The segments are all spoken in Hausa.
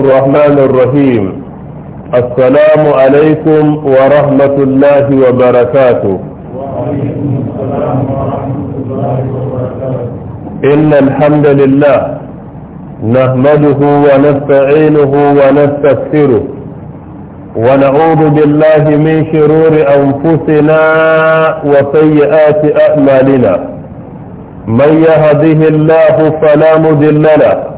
الرحمن الرحيم السلام عليكم ورحمة الله وبركاته وعليكم السلام ورحمة الله وبركاته إن الحمد لله نحمده ونستعينه ونستغفره ونعوذ بالله من شرور أنفسنا وسيئات أعمالنا من يهده الله فلا مضل له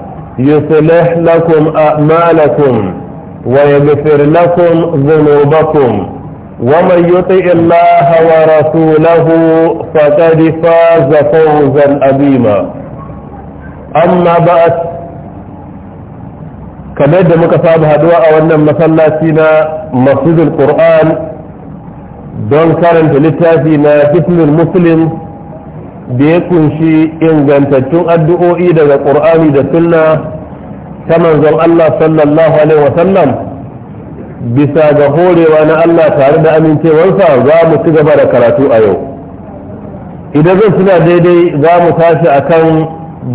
يصلح لكم أعمالكم ويغفر لكم ذنوبكم ومن يطع الله ورسوله فقد فاز فوزا عظيما أما بعد كما يدى أو هدواء وأن سينا مسجد القرآن دون في لتازينا جسم المسلم da ya kunshi ingantattun addu'o'i daga ƙur'ani da sunna ta manzon Allah sallallahu alaihi wasallam bisa ga horewa na Allah tare da amincewarsa za mu ci gaba da karatu a yau idan zan suna daidai za mu tashi kan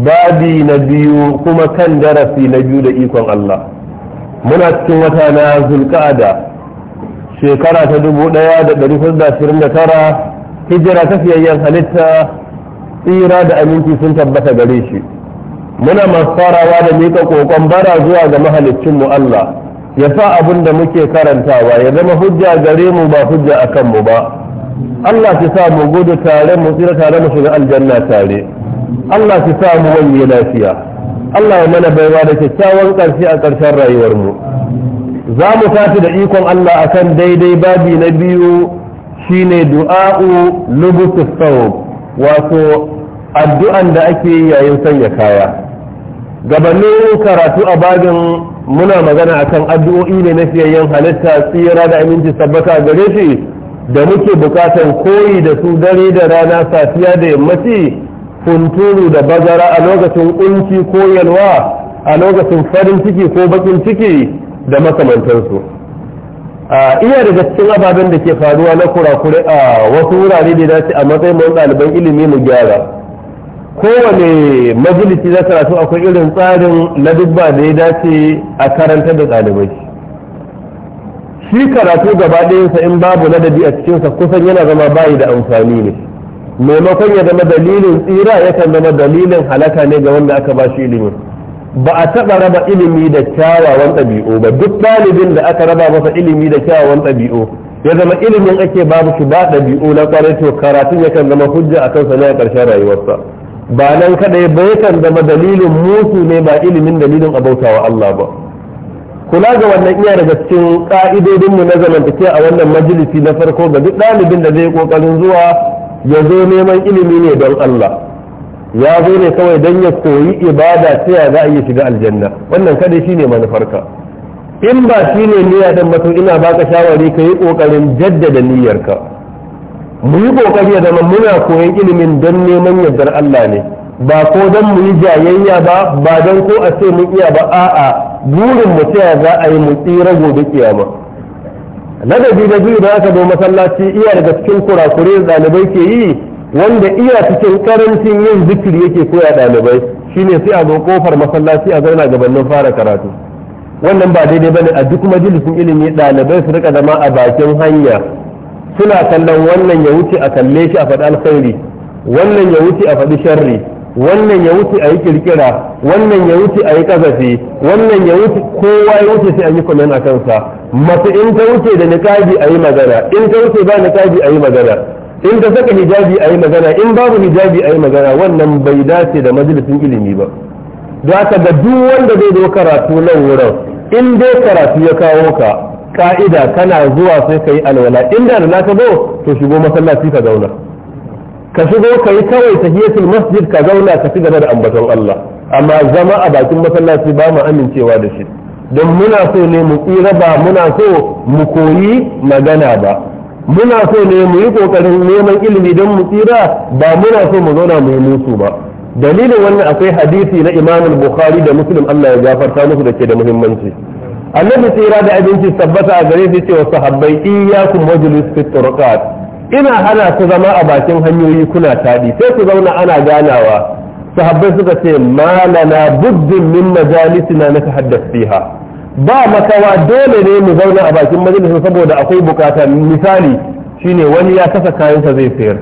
babi na biyu kuma kan darasi na biyu da ikon Allah muna cikin wata na zulka'ada shekara ta dubu ɗaya da ɗari da da tara hijira ta fiyayyen halitta tsira da aminci sun tabbata gare shi muna masu farawa da mika kokon bara zuwa ga mahaliccinmu Allah ya sa abin da muke karantawa ya zama hujja gare mu ba hujja a kanmu ba Allah ki sa mu gudu tare mu tsira tare mu shiga aljanna tare Allah ki sa mu wani lafiya Allah ya mana baiwa da kyakkyawan ƙarshe a ƙarshen rayuwarmu za mu tafi da ikon Allah akan daidai babi na biyu shine du'a'u lubutus sawb wato addu'an da ake yayin sanya kaya gabanin karatu a babin muna magana akan addu'o'i ne na siyayyen halitta tsira da aminci sabbata gare shi da muke bukatan koyi da su dare da rana safiya da yammaci funturu da bazara a lokacin kunci ko yalwa a lokacin farin ciki ko bakin ciki da makamantansu a iya daga cikin ababen da ke faruwa na kurakure a wasu wurare da ya dace a matsayin ɗaliban ilimi mu gyara kowane majalisi na karatu akwai irin tsarin na dubba da ya dace a karantar da ɗalibai shi karatu gaba ɗayansa in babu ladabi a cikinsa kusan yana zama bayi da amfani ne maimakon ya zama dalilin tsira yakan zama dalilin halaka ne ga wanda aka ba shi ilimin ba a taɓa raba ilimi da kyawawan ɗabi'u ba duk ɗalibin da aka raba masa ilimi da kyawawan ɗabi'u ya zama ilimin ake babu shi ba ɗabi'u na ƙwarai to karatun yakan zama hujja a kansa ne a ƙarshen rayuwarsa ba nan kadai ba yakan zama dalilin musu ne ba ilimin dalilin bautawa Allah ba kula ga wannan iya daga cikin ka'idodin mu na zamantakewa a wannan majalisi na farko ga duk ɗalibin da zai kokarin zuwa ya zo neman ilimi ne don Allah ya zo ne kawai don ya koyi ibada ta ya za a yi shiga aljanna wannan kadai shine manufarka in ba shine niyya dan mutum ina baka shawari ka yi kokarin jaddada niyyarka mu yi kokari ya zama muna koyan ilimin don neman yardar Allah ne ba ko don mu yi jayayya ba ba don ko a ce mun iya ba a'a burin mu ta za a yi mu tsira gobe kiyama ladabi da biyu da aka zo masallaci iya daga cikin kurakure ɗalibai ke yi wanda iya cikin karancin yin zikiri yake koya ɗalibai shine sai a zo kofar masallaci a zauna gabanin fara karatu wannan ba daidai bane a duk majalisin ilimi ɗalibai su rika zama a bakin hanya suna kallon wannan ya wuce a kalle shi a faɗi alkhairi wannan ya wuce a faɗi sharri wannan ya wuce a yi kirkira wannan ya wuce a yi kazafi wannan ya wuce kowa ya wuce sai a yi kwanan a kansa masu in ta wuce da nikaji a yi magana in ta wuce ba nikaji a yi magana in ta saka hijabi a yi magana in babu hijabi a yi magana wannan bai dace da majalisin ilimi ba da aka ga duk wanda zai zo karatu nan wurin in dai karatu ya kawo ka ka'ida kana zuwa sai ka yi alwala inda da ka zo to shigo masallaci ka zauna ka shigo ka yi kawai tahiyatul masjid ka zauna ka ci gaba da ambaton Allah amma zama a bakin masallaci ba mu amincewa da shi don muna so ne mu tsira ba muna so mu koyi magana ba muna so ne mu yi kokarin neman ilimi don mu tsira ba muna so mu zauna mu yi ba dalilin wannan akwai hadisi na imamul bukhari da muslim Allah ya gafarta musu da ke da muhimmanci annabi tsira da abinci tabbata a gare shi cewa sahabbai iyyakum majlis fi turqat ina hana ku zama a bakin hanyoyi kuna tadi sai ku zauna ana ganawa sahabbai suka ce malana buddin min majalisina na tahaddath fiha ba makawa dole ne mu zauna a bakin majalis saboda akwai bukata misali shine wani ya kasa kayansa zai sayar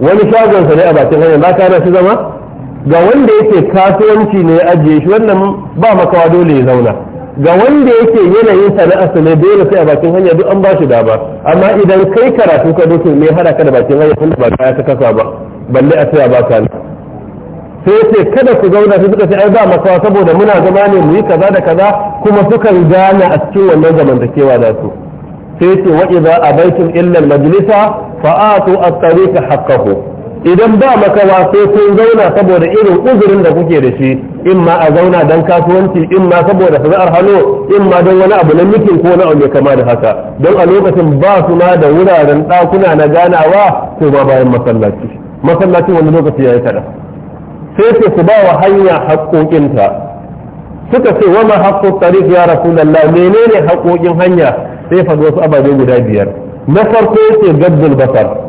wani shagon sa ne a bakin hanya za ka shi zama ga wanda yake kasuwanci ne ya ajiye shi wannan ba makawa dole ya zauna ga wanda yake yanayin na ne dole sai a bakin hanya duk an ba shi ba amma idan kai karatu ka doke me hada ka da bakin hanya tun ba kaya ka kasa ba balle a sai ba baka ne sai ce kada ku zauna su suka ce ai ba makawa saboda muna zama ne mu yi kaza da kaza kuma sukan gane a cikin wannan zamantakewa da su sai ce wa idza abaitum illa al-majlisa fa atu at-tariqa haqqahu idan ba makawa sai kun zauna saboda irin uzurin da kuke da shi in ma a zauna don kasuwanci in ma saboda sana'ar hannu in ma don wani abu na mitin ko na abu kama da haka don a lokacin ba su ma da wuraren ɗakuna na ganawa ko ba bayan masallaci masallacin wani lokaci ya yi kaɗan sai ce su ba wa hanya haƙoƙinta suka ce wama haƙƙo tarif ya rasulallah menene haƙoƙin hanya sai faɗi wasu ababe guda biyar na farko ce gaddul basar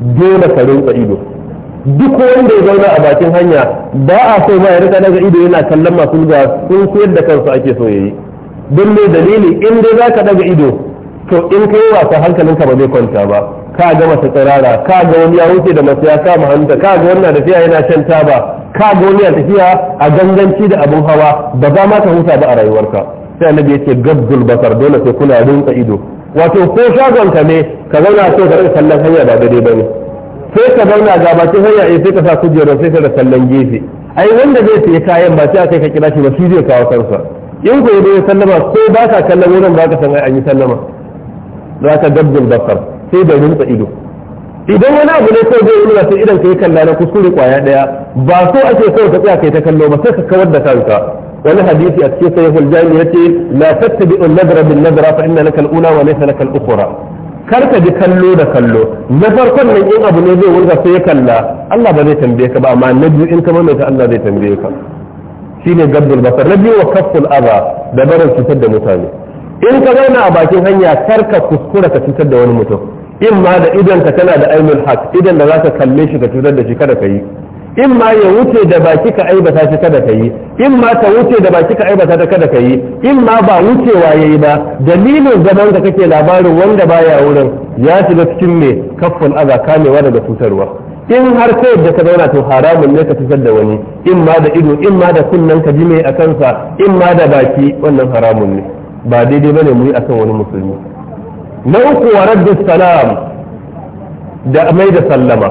dole ka rinka ido duk wanda ya zauna a bakin hanya ba a so ma ya rika daga ido yana kallon masu ga sun koyar da kansu ake so yayi don me dalili in dai ka daga ido to in ka yi wasa hankalinka ba zai kwanta ba ka ga mata tsirara ka ga wani ya wuce da masu ya kama hanta ka ga wannan tafiya yana shan taba ka ga wani ya tafiya a ganganci da abin hawa ba za ma ka huta ba a rayuwarka sai annabi yake gabdul basar dole sai kuna rinka ido wato ko shagon ka ne ka zauna sai ka rinka kallon hanya ba daidai bane sai ka zauna ga bakin hanya eh sai ka sa kujerar sai ka da kallon gefe ai wanda zai sai kayan ba sai ka kira shi ba shi zai kawo kansa in ko ya sallama ko ba ka kallon wurin ba ka san an yi sallama za ka gabdul basar sai da rinka ido idan wani abu ne kawai zai wani wasu idan ka yi kalla na kuskure kwaya daya ba so ake kawai ka tsaya kai ta kallo ba sai ka kawar da kanka wani hadisi a cikin sahihul jami ce la tattabi'u nadra bin nazara, fa inna laka al-ula wa laysa laka ukhra kar ka ji kallo da kallo na farkon nan in abu ne zai wurga sai kalla Allah ba zai tambaye ka ba amma na biyu in ka mamaita Allah zai tambaye ka shine gaddul basar na biyu wa kafful adha da barin cutar da mutane in ka zauna a bakin hanya kar ka kuskura ka cutar da wani mutum in ma da idan ka tana da ainul hak idan da zaka kalle shi ka cutar da shi kada ka yi in ma ya wuce da baki ka aibata shi kada ka yi in ma ta wuce da baki ka aibata ta kada ka yi in ma ba wucewa ya yi ba dalilin zaman da kake labarin wanda baya wurin ya shiga cikin ne kafin aza kamewa daga cutarwa in har ka yadda ka zauna to haramun ne ka fitar da wani in ma da ido in ma da kunnen ka ji mai a kansa in ma da baki wannan haramun ne ba daidai bane mu yi akan wani musulmi na uku wa raddu salam da mai da sallama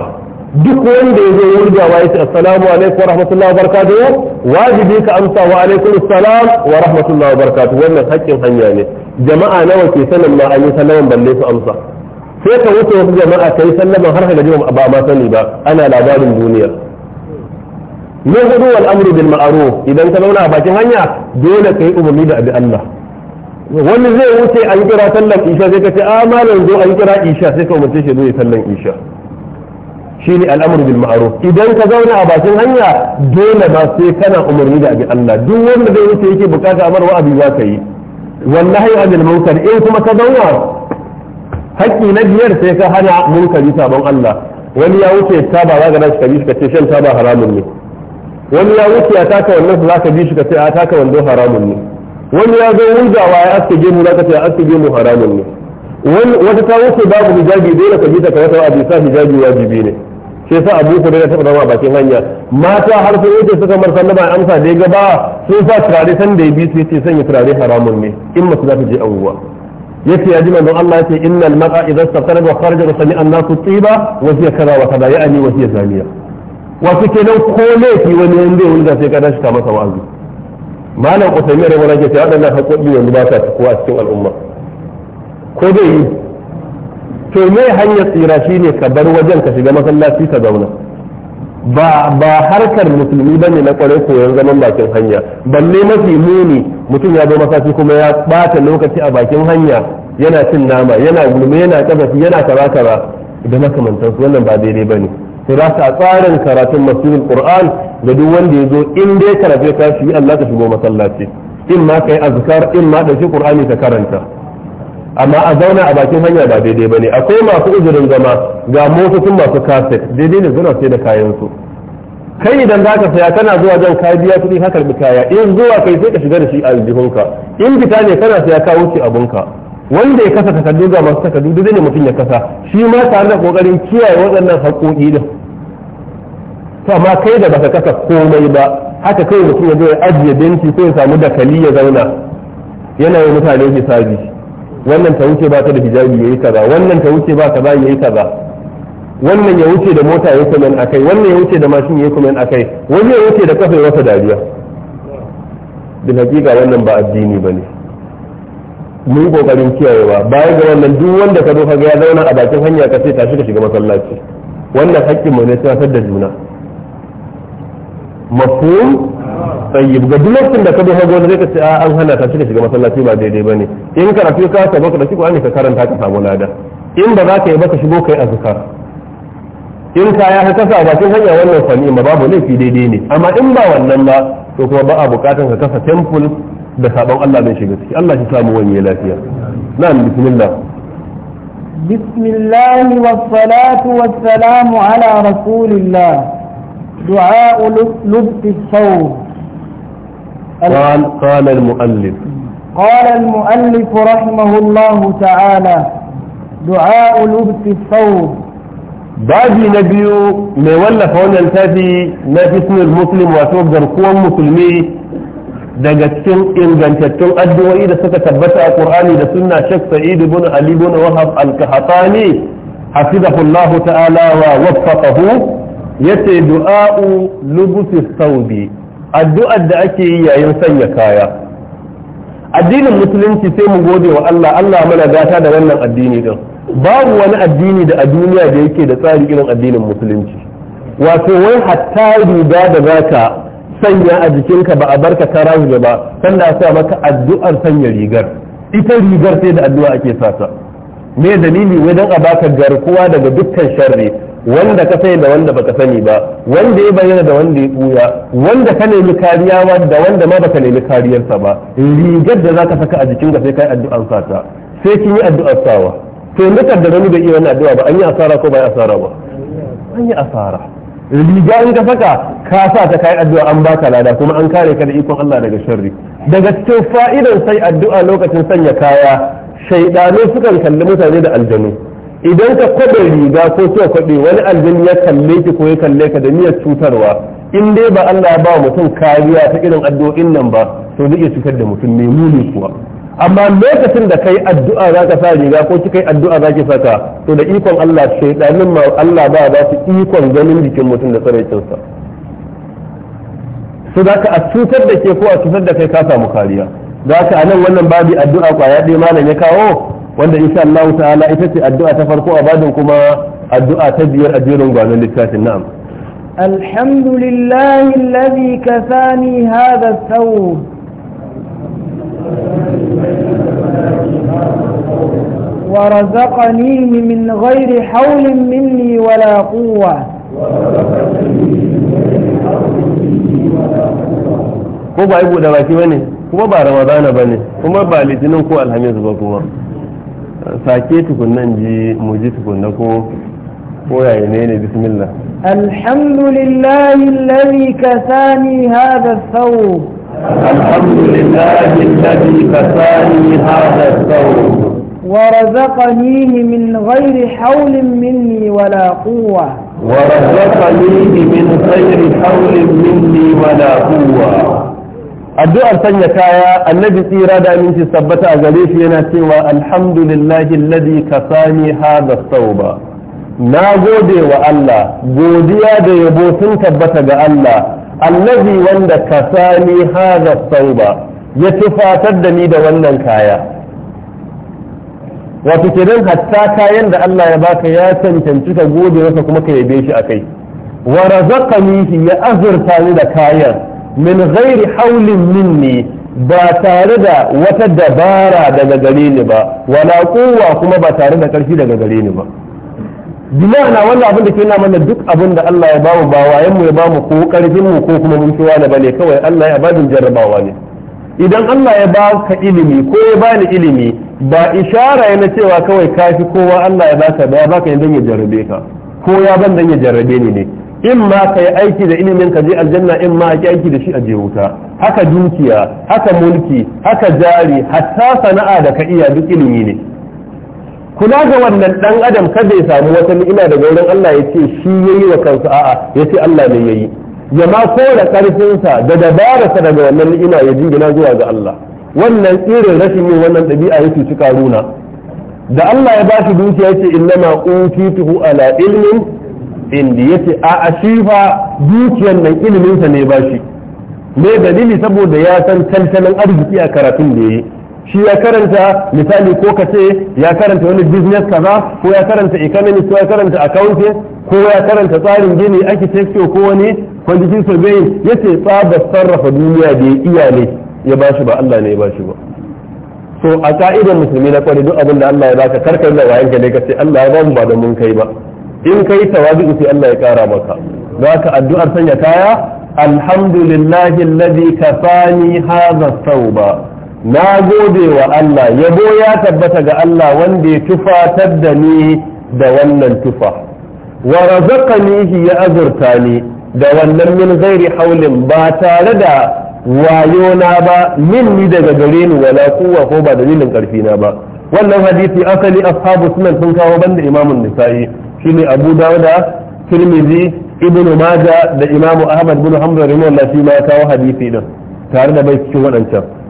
duk wanda ya zo wurgawa ya ce assalamu alaikum wa rahmatullahi wa barakatuhu wajibi ka amsa wa alaikum assalam wa rahmatullahi wa barakatuhu wannan haƙƙin hanya ne jama'a nawa ke sanin ma an yi sallaman balle su amsa sai ka wuce wasu jama'a kai sallaman har ka gaji ba ma sani ba ana labarin duniya na hudu wal amru bil ma'ruf idan ka zauna a bakin hanya dole ka yi umarni da abi Allah wani zai wuce an kira sallan isha sai ka ce a ah, malam zo an kira isha sai ka umarce shi zo ya sallan isha Shi ne al'amru bil ma'ruf idan ka zauna a bakin hanya dole ba sai kana umarni da abin Allah duk wanda zai wuce yake bukata amarwa wa'azi za ka yi wallahi abin munkar in kuma ka zauna haƙƙi na biyar sai ka hana munkari sabon Allah wani ya wuce ta ba za ka dace ka bi shi ka ce shan ta ba haramun ne wani ya wuce ya taka wannan za ka bi shi ka ce a ah, taka wando haramun ne wani ya zo wurgawa ya aske gemu za ka ce aske gemu haramun ne wata ta wuce babu hijabi dole ka ta ka wata wa sa hijabi wajibi ne sai sa abu ku da taɓa zama bakin hanya mata har sun wuce suka marsa na ba amsa dai gaba sun sa turare san da ya bi su yace sanya turare haramun ne in masu za ta je anguwa yace ya ji manzon Allah yace innal mar'a idza istaqara wa kharaja wa sami'a an-nasu tiba wa hiya kaza wa kaza ya'ani wa hiya zaniya wato kenan ko laifi wani wanda ya wulga sai ka dashi ka masa wa'azi malam usaimi da wani ke waɗannan haƙoƙi yanzu ba sa kowa a cikin al'umma ko dai yi to me hanyar tsira shi ne ka bar wajen ka shiga masallaci ka zauna ba ba harkar musulmi bane na kware koyon zaman bakin hanya balle mafi muni mutum ya zo masallaci kuma ya bata lokaci a bakin hanya yana cin nama yana gulme yana kafafi yana kaza kaza da makamantansu wannan ba daidai bane sai za ka tsarin karatun masjidul qur'an da duk wanda ya zo in dai karfe ka shi Allah ka shigo masallaci in ma kai azkar in ma dauki qur'ani ka karanta amma a zauna a bakin hanya ba daidai bane akwai masu uzurin zama ga motocin masu kaset daidai ne suna sai da kayan su kai idan za ka saya kana zuwa jan ka biya kuɗi ka karbi kaya in zuwa kai sai ka shiga da shi a aljihunka in fita ne kana saya ka wuce abunka wanda ya kasa takardu ga masu takardu duk ne mutum ya kasa shi ma tare da kokarin kiyaye waɗannan haƙoƙi din to amma kai da baka kasa komai ba haka kai mutum ya zo ya ajiye benci ko ya samu dakali ya zauna yana yi mutane hisabi wannan ta wuce ba ta da hijabi yi kaza wannan ta wuce ba kaza yi kaza wannan ya wuce da mota ya kuma akai wannan ya wuce da mashin ya kuma akai wani ya wuce da kafa ya wasa dariya Da hakika wannan ba addini ba ne. mun kokarin kiyayewa baya ga wannan duk wanda ka zo ga ya zauna a bakin hanya ka ce tashi ka shiga masallaci wannan haƙƙin mu ne tsatar da juna mafhum tayyib ga duk lokacin da ka zo kaga wanda zai ka ce an hana tashi ka shiga masallaci ba daidai bane in karatu ka ta baka da shi ko an ka karanta ka samu lada in ba za ka yi ba ka shigo kai azkar in ka ya kasa a bakin hanya wannan sani ma babu laifi daidai ne amma in ba wannan ba to kuma ba a bukatun ka kasa temple da sabon Allah bai shiga ciki Allah shi samu wani lafiya na'am bismillah بسم الله والصلاة والسلام على رسول الله دعاء لبس الثوب قال قال المؤلف قال المؤلف رحمه الله تعالى دعاء لبس الثوب babi na biyu mai wallafa wannan tafi na fisnul muslim wato garkuwan musulmi daga cikin ingantattun addu'o'i da suka tabbata a ƙurani da sunna Sheikh Sa'id ibn Ali ibn Wahab al-Qahtani hafizahullahu ta'ala wa waffaqahu yace du'a'u lubusi thawbi addu'ar da ake yi yayin sanya kaya addinin musulunci sai mu gode wa Allah Allah mana gata da wannan addini din babu wani addini da a duniya da yake da tsari irin addinin musulunci wato wai hatta riga da zaka sanya a jikinka ba a barka ta ba ba da sa maka addu'ar sanya rigar ita rigar sai da addu'a ake sasa me dalili wai dan a baka garkuwa daga dukkan sharri wanda ka sani da wanda baka sani ba wanda ya bayyana da wanda ya buya wanda ka nemi kariya da wanda ma baka nemi kariyarsa ba rigar da zaka saka a jikinka sai kai addu'an sata sai kin yi addu'ar sawa to yanzu da wani bai iya wannan addu'a ba an yi asara ko ba asara ba an yi asara riga in ka saka ka sa ta kai addu'a an baka lada kuma an kare ka da ikon Allah daga sharri daga cikin fa'idan sai addu'a lokacin sanya kaya shaidanu sukan kalli mutane da aljanu idan ka kwabe riga ko to kwabe wani aljanu ya kalle ki ko ya kalle ka da niyyar cutarwa in dai ba Allah ya ba mutum kariya ta irin addu'o'in nan ba to zai iya cutar da mutum mu muni kuwa amma lokacin da kai addu'a za ka sa riga ko kika yi addu'a za ki saka to da ikon Allah shaidanin ma Allah ba za su ikon ganin jikin mutum da tsaraicinsa su za ka a cutar da ke ko a cutar da kai ka samu kariya za ka a nan wannan babi addu'a kwaya ɗaya malam ya kawo wanda insha Allah ta'ala ita ce addu'a ta farko a babin kuma addu'a ta biyar a jerin gwanon littafin na'am alhamdulillahi alladhi kasani hadha thawb ورزقنيه من غير حول مني ولا قوة ko ba aibu da baki bane kuma ba ramadana bane kuma ba litinin ko alhamis ba kuma sake tukunan ji mu ji tukunna ko ko yaya ne ne bismillah alhamdulillahi alladhi kasani hadha thawb الحمد لله الذي كفاني هذا الثور ورزقنيه من غير حول مني ولا قوة ورزقنيه من غير حول مني ولا قوة addu'ar sanya kaya annabi tsira da aminci sabbata a gare shi yana cewa alhamdulillahi alladhi kasani hadha sauba na gode wa Allah godiya da yabo sun tabbata ga Allah allazi wanda kasani hadha sauba ya tufatar da ni da wannan kaya wato kenan hatta kayan da Allah ya baka ya cancanci ka gode masa kuma ka yabe shi akai wa razaqani ya azurta ni da kayan min ghairi haulin minni ba tare da wata dabara daga gare ni ba wala quwwa kuma ba tare da karfi daga gare ni ba bila na wannan abin da ke na mana duk abin da Allah ya bamu ba wa mu ya bamu ko karfin mu ko kuma mun fi wani bane kawai Allah ya bada jarrabawa ne idan Allah ya baka ilimi ko ya bani ilimi ba ishara yana cewa kawai kafi kowa Allah ya baka ba ya baka idan ya jarrabe ka ko ya ban ya jarrabe ni ne in ma kai aiki da ilimin ka je aljanna in ma ki aiki da shi a je wuta haka dukiya haka mulki haka jari hatta sana'a da ka iya duk ilimi ne kula ga wannan dan adam kada ya samu wata ni'ima daga wurin Allah ya ce shi yayi wa kansa a'a yace Allah ne yayi ya ma kora karfinsa da sa daga wannan ni'ima ya jingina zuwa ga Allah wannan tsirin rashin yin wannan dabi'a ya cuci karuna da Allah ya bashi dukiya yace ce innama utituhu ala ilmin indi yace a ashifa dukiyar nan iliminsa ne ba shi me dalili saboda ya san tantanin arziki a karatun da yayi shi ya karanta misali ko ka ce ya karanta wani business kaza ko ya karanta economics ko ya karanta accounting ko ya karanta tsarin gini architecture ko wani quantitative Ya ce tsaba sarrafa duniya da iya ne ya bashi ba Allah ne ya bashi ba so a ka'idar musulmi na kwari duk abin da Allah ya baka karkar da wayan ka ne ka ce Allah ya ba mu ba da mun kai ba in kai tawazi sai Allah ya kara maka zaka addu'ar sanya kaya alhamdulillahi alladhi kafani hadha thawba na gode wa Allah yabo ya tabbata ga Allah wanda ya tufatar da ni da wannan tufa wa razaqanihi ya azurta ni da wannan min ghairi haulin ba tare da wayo na ba min ni daga gare ni wala kuwa ko ba dalilin karfi na ba wannan hadisi asali ashabu sunan sun kawo banda imamun nisa'i shine abu dawuda tirmidhi ibnu majah da imamu ahmad bin hanbal rahimahullah shi ma kawo hadisi din tare da bai cikin waɗancan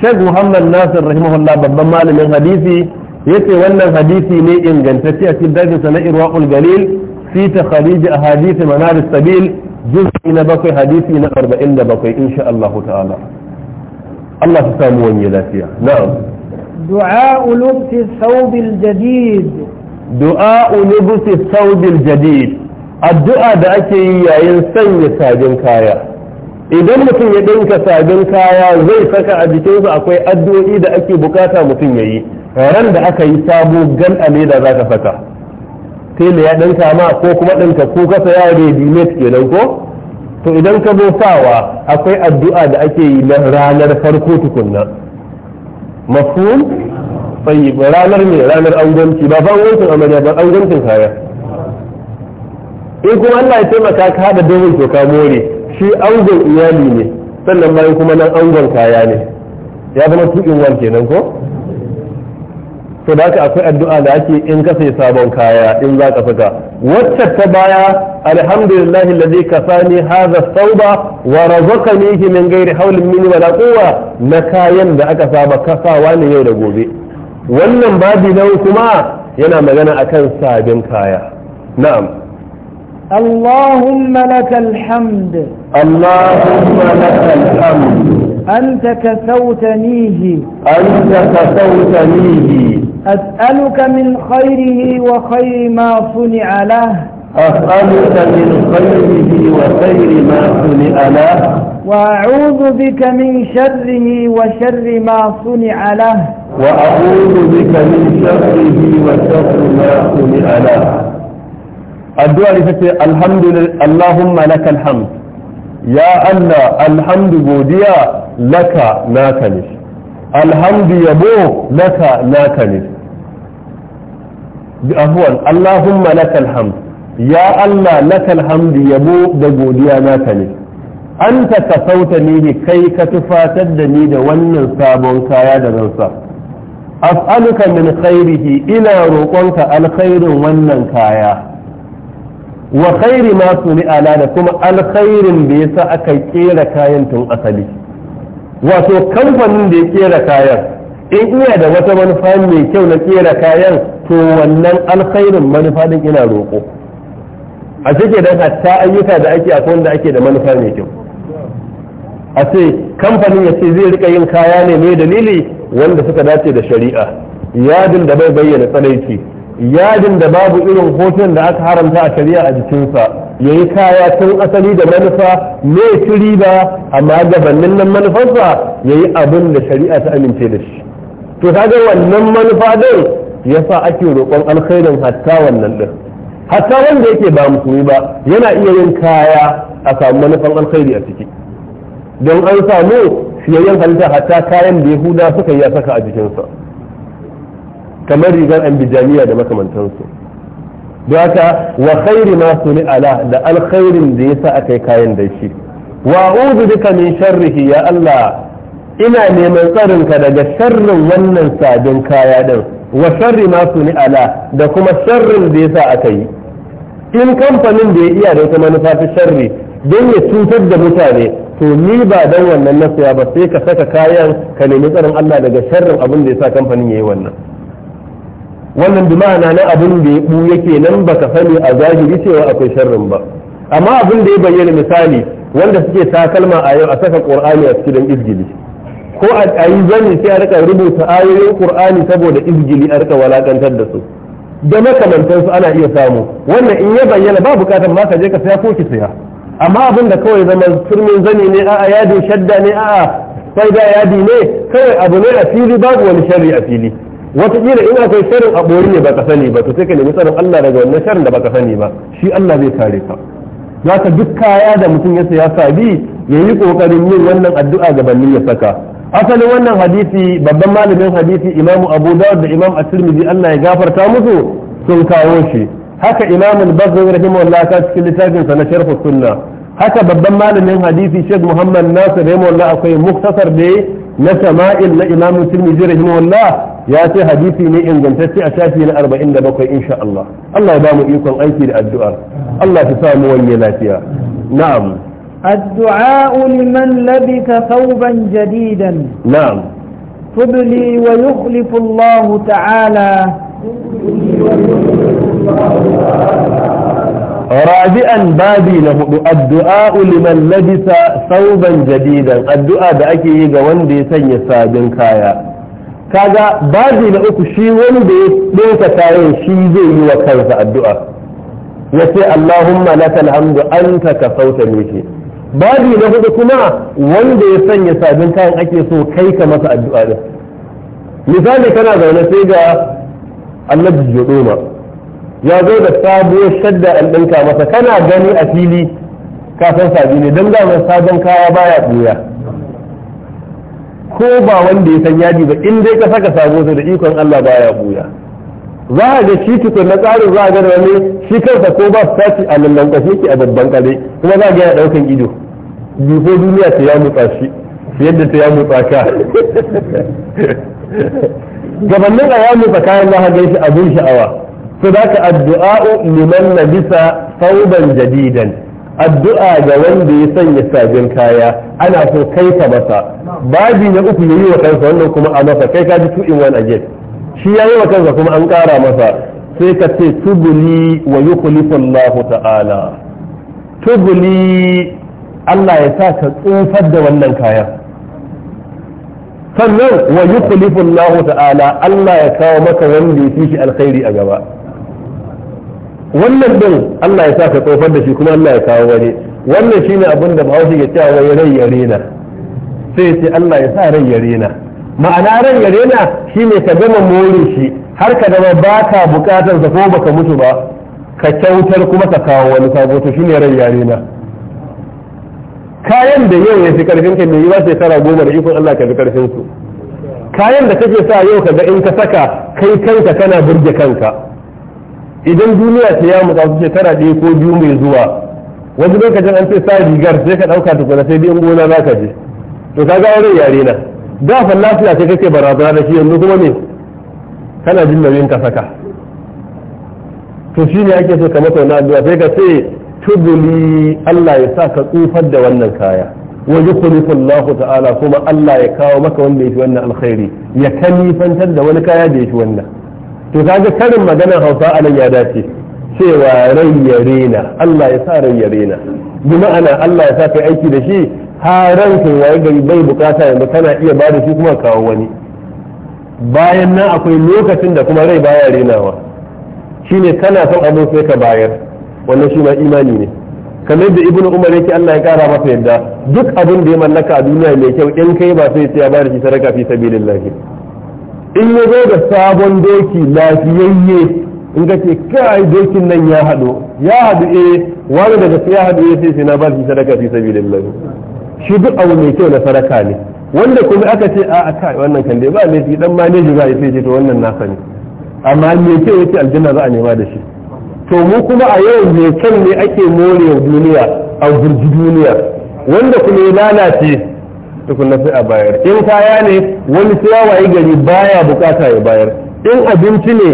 Sheikh Muhammad Nasir rahimahullah babban malamin hadisi yace wannan hadisi ne ingantacce a cikin dajin sa na Irwaqul Galil fi takhrij ahadith manar sabil juz'i na bakwai hadisi na 47 insha Allah ta'ala Allah ya samu wani lafiya na'am دعاء لبس الثوب du'a دعاء لبس الثوب الجديد الدعاء da ake yi yayin sanya sabin kaya idan mutum ya ɗinka sabin kaya zai saka a jikinsa akwai addu'o'i da ake bukata mutum ya yi ran da aka yi sabo gan a leda za ka saka tele ya ɗinka ma ko kuma ɗinka ko kasa ya ready kenan ko to idan ka zo sawa akwai addu'a da ake yi na ranar farko tukunna mafhum sai ranar ne ranar angonci ba fa angoncin amarya ba angoncin kaya in kuma Allah ya taimaka ka haɗa dole to ka more shi angon iyali ne sannan bayan kuma nan angon kaya ne ya zama tu'in wan kenan ko to da haka akwai addu'a da ake in ka sai sabon kaya in za ka saka wacce ta baya alhamdulillahi allazi kasani hadha sauba wa razaqanihi min ghairi hawlin minni wala quwwa na kayan da aka saba kasawa ne yau da gobe wannan babi na kuma yana magana akan sabin kaya na'am اللهم لك الحمد اللهم لك الحمد أنت كسوتنيه أنت كسوتنيه أسألك من خيره وخير ما صنع له أسألك من خيره وخير ما صنع له وأعوذ بك من شره وشر ما صنع له وأعوذ بك من شره وشر ما صنع له Addu'a ita ce alhamdulillah allahumma lakal hamd ya allah alhamdu godiya laka naka ne alhamdu yabo laka naka ne afuwan allahumma lakal hamd ya allah lakal hamdu yabo da godiya naka ne an ta kasauta ni kai ka tufatar da ni da wannan sabon kaya da zan sa as'aluka min khairihi ina roƙonka alkhairin wannan kaya wa khairi ma suni ala da kuma alkhairin da yasa aka kera kayan tun asali wato kamfanin da ya kera kayan in iya da wata manufa mai kyau na kera kayan to wannan alkhairin manufa din ina roƙo a cike dan hatta ayyuka da ake a wanda ake da manufa mai kyau a ce kamfanin ya ce zai rika yin kaya ne mai dalili wanda suka dace da shari'a yadin da bai bayyana tsanaici yadin da babu irin hoton da aka haramta a shari'a a jikinsa ya yi kaya tun asali da manufa ne ci riba amma gabanin nan manufarsa ya yi abin da shari'a ta amince da shi to kaga wannan manufa din ya sa ake roƙon alkhairin hatta wannan din hatta wanda yake ba musulmi ba yana iya yin kaya a samu manufan alkhairi a ciki don an samu fiyayyen halitta hatta kayan da yahuda suka yi a saka a jikinsa kamar rigar ambijaniya da makamantansu don haka wa khairi ma suni ala da alkhairin da yasa aka yi kayan da shi wa udu duka min sharrihi ya Allah ina neman tsarin ka daga sharrin wannan sabin kaya din wa sharri ma suni ala da kuma sharrin da yasa aka yi in kamfanin da ya iya da wata manufa ta sharri don ya cutar da mutane to ni ba dan wannan na saya ba sai ka saka kayan ka nemi tsarin Allah daga sharrin abin da ya sa kamfanin yi wannan wannan bi ma'ana na abin da ya nan kenan baka sani a zahiri cewa akwai sharrin ba amma abin da ya bayyana misali wanda suke takalma a yau a saka qur'ani a cikin izgili ko a yi zani sai a rika rubuta ayoyin qur'ani saboda izgili a rika walakantar da su da makamantan su ana iya samu wannan in ya bayyana ba bukatar ma ka je ka saya ko ki saya amma abin da kawai zama turmin zani ne a'a yadin shadda ne a'a sai yadi ne kawai abu ne a fili babu wani sharri a fili wataƙila ina akwai shirin a ɓoye ne baka sani ba to sai ka nemi tsaron Allah daga wannan sharrin da baka sani ba shi Allah zai kare ka za ka duk kaya da mutum ya saya sabi ya yi ƙoƙarin yin wannan addu'a banni ya saka asalin wannan hadisi babban malamin hadisi imam abu dawud da imam at-tirmidhi Allah ya gafarta musu sun kawo shi haka imam al-bazzawi rahimahullah ta cikin littafin sa na sharh sunna haka babban malamin hadisi Sheikh Muhammad Nasir rahimahullah akwai muktasar da na Sama'il na imam at-tirmidhi rahimahullah ya ce hadisi ne ingantacce a shafi na 47 insha Allah Allah ya bamu ikon aiki da addu'a Allah ya sa mu wani lafiya na'am الدعاء لمن لبث ثوبا جديدا نعم تبلي ويخلف الله تعالى رابعا بابي له الدعاء لمن لبث ثوبا جديدا الدعاء da ake yi ga wanda ya sanya sabin kaya kaga babi na uku shi wani da ya ɗauka tayin shi zai yi wa kansa addu'a ya ce Allahumma laka alhamdu anta ka sauta miki babi na hudu kuma wanda ya sanya sabin kayan ake so kai ka masa addu'a din misali kana zaune sai ga annabi ɗoma ya zo da sabuwar shadda an ɗinka masa kana gani a fili ka san sabi ne don zaman sabon kaya baya ɓuya ko ba wanda ya san yadi ba in dai ka saka sabo da ikon Allah baya buya za a ga shi tuko na tsarin za a ga wani shi kansa ko ba su a lallan kashi ki a babban kare kuma za a ga ya daukan ido bifo duniya ta ya mutsa shi yadda ta ya mutsa ka gabanin a ya mutsa kayan za a ga shi abin sha'awa su za ka addu'a liman na bisa sauban jadidan addu'a ga wanda ya sanya sabin kaya ana so kai ka masa babi na uku yayi wa kansa wannan kuma a masa kai ka ji two in one again shi yayi wa kansa kuma an kara masa sai ka ce tubuli wa yukhlifu Allah ta'ala tubuli Allah ya sa ka tsufar da wannan kayan sannan wa yukhlifu Allah ta'ala Allah ya kawo maka wanda ya fi shi alkhairi a gaba wannan din Allah ya sa ka tsofar da shi kuma Allah ya kawo wani wannan shine abin da bahaushe ke cewa wai rai ya rena sai ce Allah ya sa rai ya rena ma'ana rai ya rena shine ka gama more shi har ka gama ba ka bukatar sa ko baka mutu ba ka kyautar kuma ka kawo wani sabo to shine rai ya rena kayan da yau ya fi karfin ka mai yiwa shekara goma da ikon Allah ka fi karfin su kayan da kake sa yau ka ga in ka saka kai kanka kana burge kanka idan duniya ta ya mutsa shekara ɗaya ko biyu mai zuwa wasu lokacin an ce sa rigar sai ka ɗauka tukuna sai biyan gona za ka je to ka ga wurin yare na da fa lafiya sai kake barazana da shi yanzu kuma me kana jin nauyin ka saka to shi ne ake so ka mata wannan addu'a sai ka ce tubuli Allah ya sa ka tsufar da wannan kaya wa yukhlifu Allah ta'ala kuma Allah ya kawo maka wanda yake wannan alkhairi ya kalifantar da wani kaya da yake wannan to kaga karin maganar Hausa anan ya dace cewa rai Allah ya sa rai ya bi ma'ana Allah ya sa kai aiki da shi har kai waye gari bai bukata yanzu kana iya ba da shi kuma kawo wani bayan nan akwai lokacin da kuma rai baya renawa shine kana son abu sai ka bayar wannan shi ma imani ne kamar da ibnu umar yake Allah ya kara masa yadda duk abin da ya mallaka a duniya mai kyau in kai ba sai ya ba da shi sadaka fi sabilillah in ya zo da sabon doki lafiyayye in ga ce kai dokin nan ya hadu ya haɗu eh wani daga sai ya haɗu ya sai na ba shi sadaka fi sabilillah shi duk abu mai kyau na sadaka ne wanda kuma aka ce a aka wannan kan dai ba shi dan maneji za a yi sai ce to wannan nasa ne amma mai kyau yake aljanna za a nema da shi to mu kuma a yau mai kyau ne ake more duniya a gurji duniya wanda kuma ya lalace na sai a bayar in kaya ne wani sai wayi gari baya bukata ya bayar in abinci ne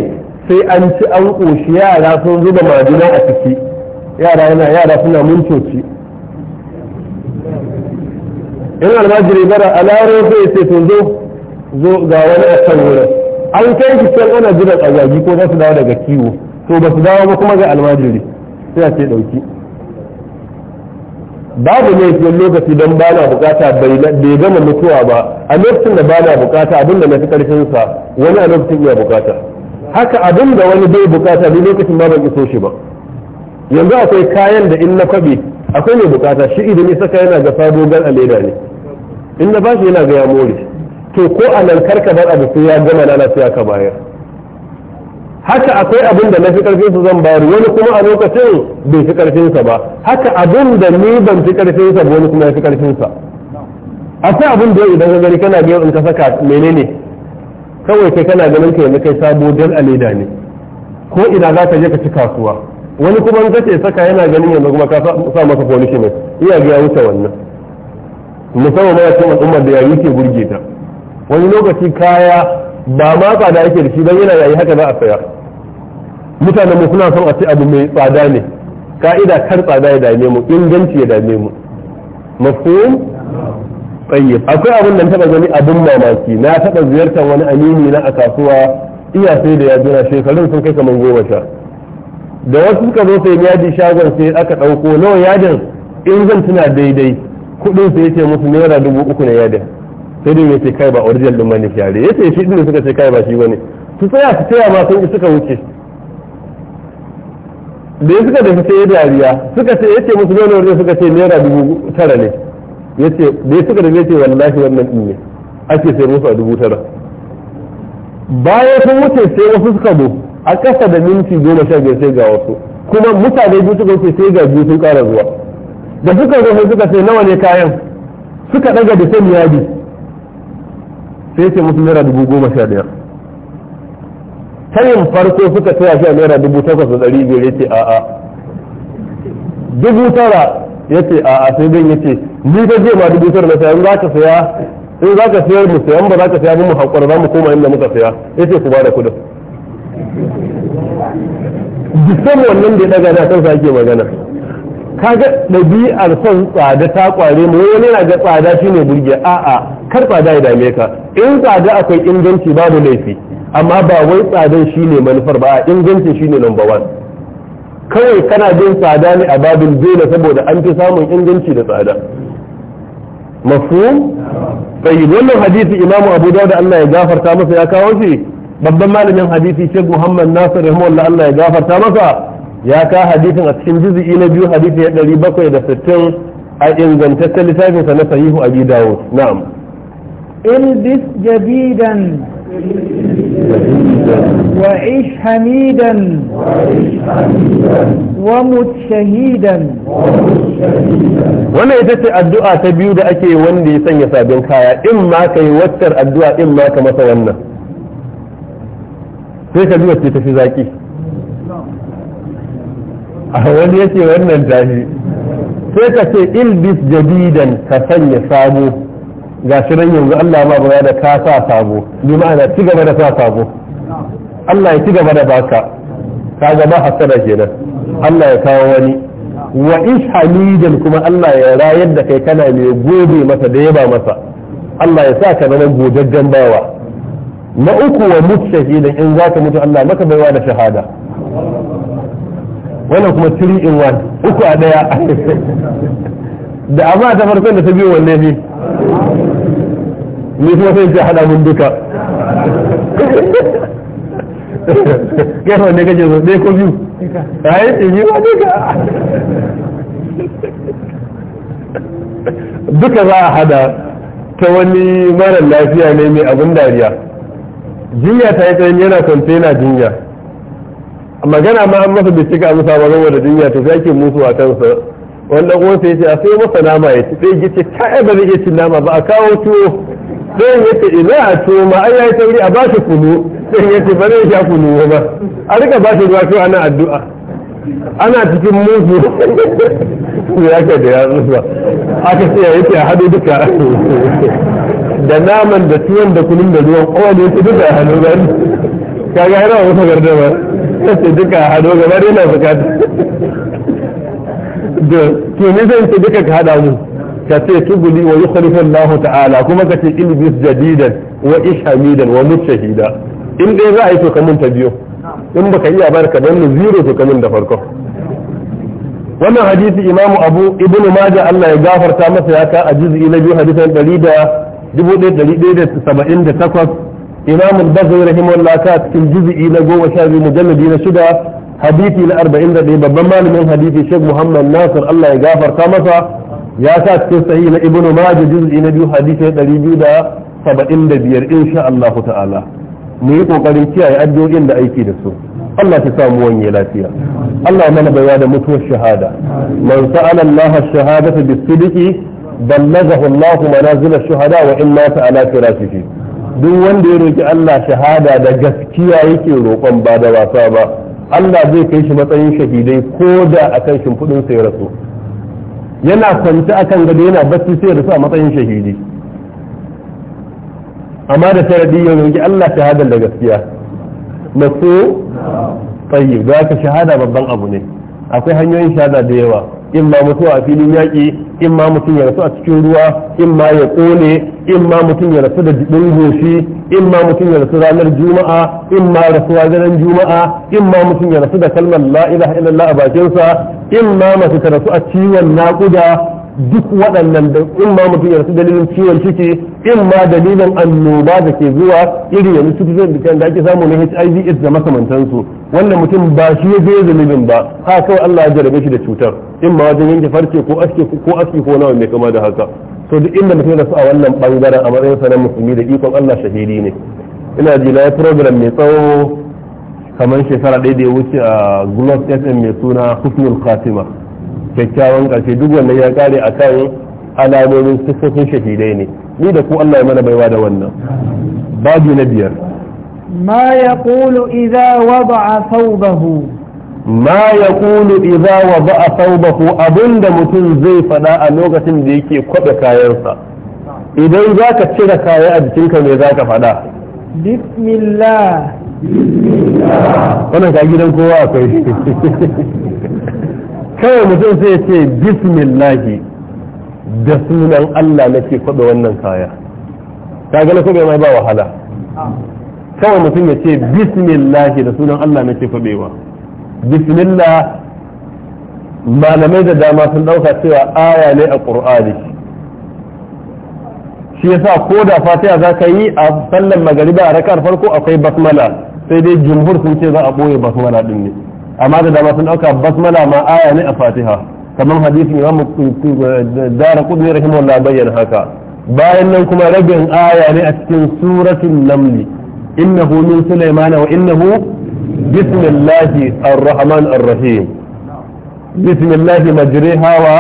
sai an ci an ƙoshi yara sun zuba majina a ciki yara yana yara suna muncoci in almajiri bara a laro sai ce sun zo zo ga wani a can wurin an kai ki can ana jiran agwagi ko za su dawo daga kiwo to ba su dawo ba kuma ga almajiri sai a ce ɗauki babu laifin lokaci don ba na bukata bai gama mutuwa ba a lokacin da ba na bukata abinda na fi ƙarfinsa wani a lokacin iya bukata haka abin da wani bai bukata duk lokacin ba ban iso shi ba yanzu akwai kayan da in na kwabe akwai mai bukata shi idan ya saka yana ga a aleda ne in na bashi yana ga ya more to ko a nan karka bar abu sai ya gama na sai ka bayar haka akwai abin da na fi karfin su zan bayar wani kuma a lokacin bai fi karfin sa ba haka abin da ni ban fi karfin sa wani kuma ya fi karfin sa akwai abin da idan ka gani kana biyan in ka saka menene kawai kai kana ganin ka na kai sabo dan aleda ne ko ina za ka je ka ci kasuwa wani kuma in kace saka yana ganin yanzu kuma ka sa masa polishi ne iya ga wuce wannan musamman ma cikin al'ummar da yayi ke burge ta wani lokaci kaya ba ma tsada yake da shi dan yana yayi haka za a saya mutanen mu suna son a ce abu mai tsada ne ka'ida kar tsada ya dame mu inganci ya dame mu mafhum tsayyib akwai abin da taba gani abin mamaki na taba ziyartar wani amini na a kasuwa iya sai da yaduna shekarun sun kai kamar goma sha da wasu suka zo sai yadi shagon sai aka ɗauko nawa yadin in zan tuna daidai kuɗin sai yace musu naira dubu uku na yadin sai dai yace kai ba original din bane share yace shi din suka ce kai ba shi bane su tsaya su tsaya ma sun suka wuce da suka tafi sai dariya suka ce yace musu nawa wajen suka ce naira dubu tara ne yace da ya suka da yace wallahi wannan din ne ake sai musu a dubu tara bayan sun wuce sai wasu suka zo a ƙasa da minti goma sha biyar sai ga wasu kuma mutane biyu suka wuce sai ga biyu sun ƙara zuwa da suka zo sai suka sai nawa ne kayan suka ɗaga da sai yadi sai ce musu naira dubu goma sha biyar tayin farko suka taya shi a naira dubu takwas da ɗari biyar ya ce a'a dubu tara yace a a sai dan yace ni ka je ma dubu tara na saya in za ka saya in za ka saya mu sai in ba za ka saya mu hakura za mu koma inda muka saya yace ku bada kudin dukkan wannan da ya daga da kansa ke magana kaga ɗabi'ar son tsada ta kware mu wani yana ga tsada shine burge a'a kar tsada ya dame ka in tsada akwai inganci babu laifi amma ba wai tsadan shine manufar ba a inganci shine number one kawai kana jin tsada ne a babin dole saboda an fi samun inganci da tsada mafhum tayyib wannan hadisi imamu abu dawud Allah ya gafarta masa ya kawo shi babban malamin hadisi Sheikh Muhammad Nasir rahimahullah Allah ya gafarta masa ya ka hadisin a cikin juz'i na biyu hadisi ya sittin a ingantaccen littafinsa na sahihu abi dawud na'am ilbis jabidan وعيش حميدا وموت شهيدا وما شهيدا الدعاء تبيود أكي وندي سن يسابين كايا إما كي يوتر الدعاء إما كما سوانا سيكا بيوت يتفزاكي أهوان يتي وانا الجاهي سيكا سي إلبس جديدا كسن يسابو ga shi nan yanzu Allah ma baya da ka sa sabo bi ma'ana ci gaba da sa sabo Allah ya ci gaba da baka ka gaba hasara kenan Allah ya kawo wani wa ish hamidan kuma Allah ya rayar da kai kana mai gobe masa da yaba masa Allah ya sa ka zama gojaggen bawa na uku wa mut shahidan in zaka mutu Allah maka baiwa da shahada wannan kuma 3 in 1 uku a daya da amma ta farkon da ta biyo wanne ne ni kuma sai ya hada mun duka kai wanda ko biyu ai ni ma duka duka za a hada ta wani mara lafiya ne mai abin dariya jinya ta yi tsayin yana kwance na jinya magana ma an masa da cika musa ba saboda jinya ta zaki musu a kansa wanda uwansa ya ce a sai masa nama ya ci sai ya ce ba zai iya cin nama ba a kawo tuwo sai ya ce ina a ma an yayi sauri a ba shi kunu sai ya ce ba zai sha kunu ba a rika ba shi ruwa to ana addu'a ana cikin musu ya ka da yatsu ba aka ce yayi ta hadu duka da naman da tuwon da kunun da ruwan kowane su duka a hannu ka ga yana wata ba sai duka a hannu gaba yana na bukata to ne zan ce duka ka hada mu ka ce tubuli wa yukhlifu Allah ta'ala kuma ka ce ilbis jadidan wa ishamidan wa mutshahida in dai za a yi to kamun ta biyo in baka iya barka dan mu zero to kamun da farko wannan hadisi imamu abu ibnu maja Allah ya gafarta masa ya ka a juz'i na biyu hadisan 1178 imamu bazai rahimahullah ka cikin juz'i na goma sha biyu mujalladi na shida hadisi na 41 babban malamin hadisi Sheikh Muhammad Nasir Allah ya gafarta masa ya sa cikin sahihi na ibnu majah juz'i na biyu hadisi biyar insha Allah ta'ala mu yi kokarin kiyaye addu'o'in da aiki da su Allah ta samu wanye lafiya Allah mana baiwa da mutuwar shahada man sa'ala Allah ash-shahadata bis-sidqi ballaghahu Allah manazil ash-shuhada wa in mata ala firashihi duk wanda ya roki Allah shahada da gaskiya yake roƙon ba da wasa ba Allah zai kai shi matsayin shahidai ko da akan shimfiɗin ya rasu yana kwanci kan gado yana bacci sai da su a matsayin shahidi amma da sharadi ya yanki Allah shahadar da gaskiya na so tsayi za ka shahada babban abu ne akwai hanyoyin shahada da yawa in ma mutuwa a filin yaƙi in ma mutum ya rasu a cikin ruwa in ma ya ƙone in ma mutum ya rasu da jibin goshi in ma mutum ya rasu ranar juma'a in ma rasu daren juma'a in ma mutum ya rasu da kalmar la ilaha illallah a bakinsa in ma mace ta rasu a ciwon naƙuda duk waɗannan da in ma mutum ya rasu dalilin ciwon ciki in ma dalilin annoba da ke zuwa iri yanzu dukkan da ake samu na HIV AIDS da makamantansu wannan mutum ba shi ya zai zunubin ba ha kawai Allah ya jarabe shi da cutar in ma wajen yanke farce ko aske ko aske ko nawa mai kama da haka to duk inda mutum ya rasu a wannan bangaren a matsayin sa na musulmi da ikon Allah shahidi ne ina ji na program mai tsawo kamar shekara ɗaya da ya wuce a Glove FM mai suna Husnul Khatima kyakkyawan ƙarshe duk wannan ya kare kan alamomin siffofin shahidai ne ni da ku Allah ya mana baiwa da wannan babu na biyar ma yaqulu idza wada'a saubahu ma yaqulu idza wada'a thawbahu abinda mutum zai fada a lokacin da yake kwaɓe kayansa idan za ka cire kaya a jikinka me ka fada bismillah wannan ka gidan kowa akwai kawai mutum sai ce bismillahi da sunan Allah nake kwaɓe wannan kaya ta gane kwaɓe mai ba wahala kawai mutum ya ce bismillahi da sunan Allah nake kwaɓewa bismillah malamai da dama sun ɗauka cewa aya ne a ƙur'ani shi yasa ko da fatiha za ka yi a sallan magariba a rakar farko akwai basmala sai dai jumhur sun ce za a ɓoye basmala ɗin ne amma da dama sun dauka basmala ma aya ne a fatiha kamar hadisin imam dara kudni rahimahullah bayyana haka bayan nan kuma rabin aya ne a cikin suratul namli innahu min sulaimana wa innahu bismillahi ar-rahman ar-rahim bismillahi majriha wa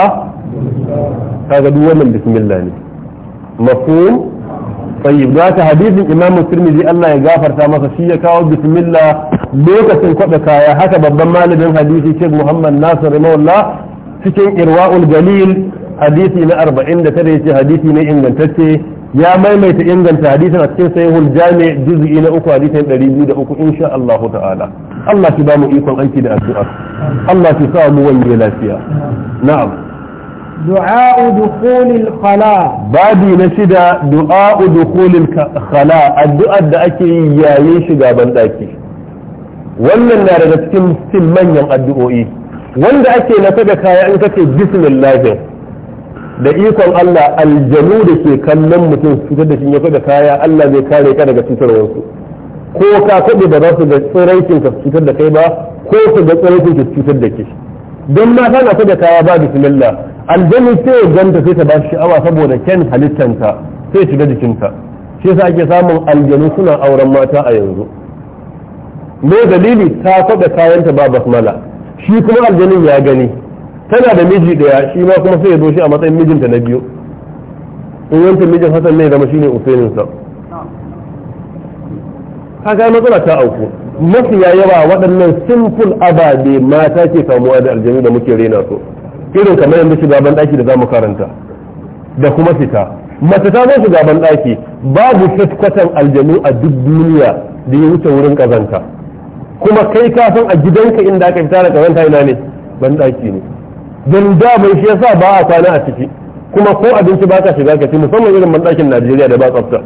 kaga duk wannan bismillah ne mafhum tayyib da hadisin imam tirmidhi Allah ya gafarta masa shi ya kawo bismillah lokacin kwaɗa kaya haka babban malamin hadisi ce muhammad nasir mawalla cikin irwa'ul galil hadisi na 49 yace hadisi ne ingantacce ya maimaita inganta hadisin a cikin sahihul jami juz'i na uku na ɗari biyu da uku insha Allah ta'ala Allah ki ba mu ikon aiki da addu'a Allah ki sa mu wani lafiya na'am دعاء دخول الخلاء na shida du'a دخول khala الدعاء da ake yayin shiga ban daki wannan na daga cikin cikin manyan addu'o'i wanda ake na da kaya in kace bismillah da ikon Allah aljanu da ke kallon mutum cutar da shi ya kaya Allah zai kare ka daga cutarwarsu ko ka kudi ba za su ga tsiraikin ka cutar da kai ba ko su ga tsiraikin ka cutar da ke don ma na da kaya ba bismillah aljanu sai ya ganta sai ta ba shi sha'awa saboda ken halittanka sai shiga jikinka shi yasa ake samun aljanu suna auren mata a yanzu me dalili ta faɗa kayanta ba basmala shi kuma aljanin ya gani tana da miji daya shi ma kuma sai ya zo shi a matsayin mijinta na biyu in wancan mijin hasan ne zama shine usainin sa kaga matsala ta auku ya yawa waɗannan simple ababe mata ke samuwa da aljanu da muke rena su irin kamar yanzu shiga ban daki da zamu karanta da kuma fita mace ta zo shiga ban daki babu kwatan aljanu a duk duniya da ya wuce wurin kazanta kuma kai ka san a gidanka inda aka fita da karanta ina ne ban daki ne don mai shi yasa ba a kwana a ciki kuma ko abinci ba ka shiga ka ci musamman irin banɗakin Najeriya da ba tsafta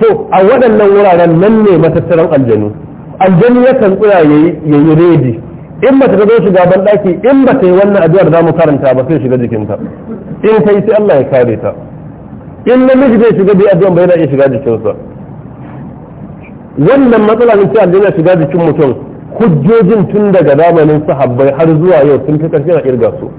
to a waɗannan wuraren nan ne matattaran aljanu aljanu yakan tsaya ya yi redi in ba ta zo shiga daki in ba ta yi wannan addu'ar za mu karanta ba sai shiga jikinta in kai sai Allah ya kare ta in namiji zai shiga bai addu'an ba da shiga jikinsa wannan matsala na cewa aljanna shiga jikin mutum hujjojin tun daga zamanin sahabbai har zuwa yau sun fi karfi a kirga su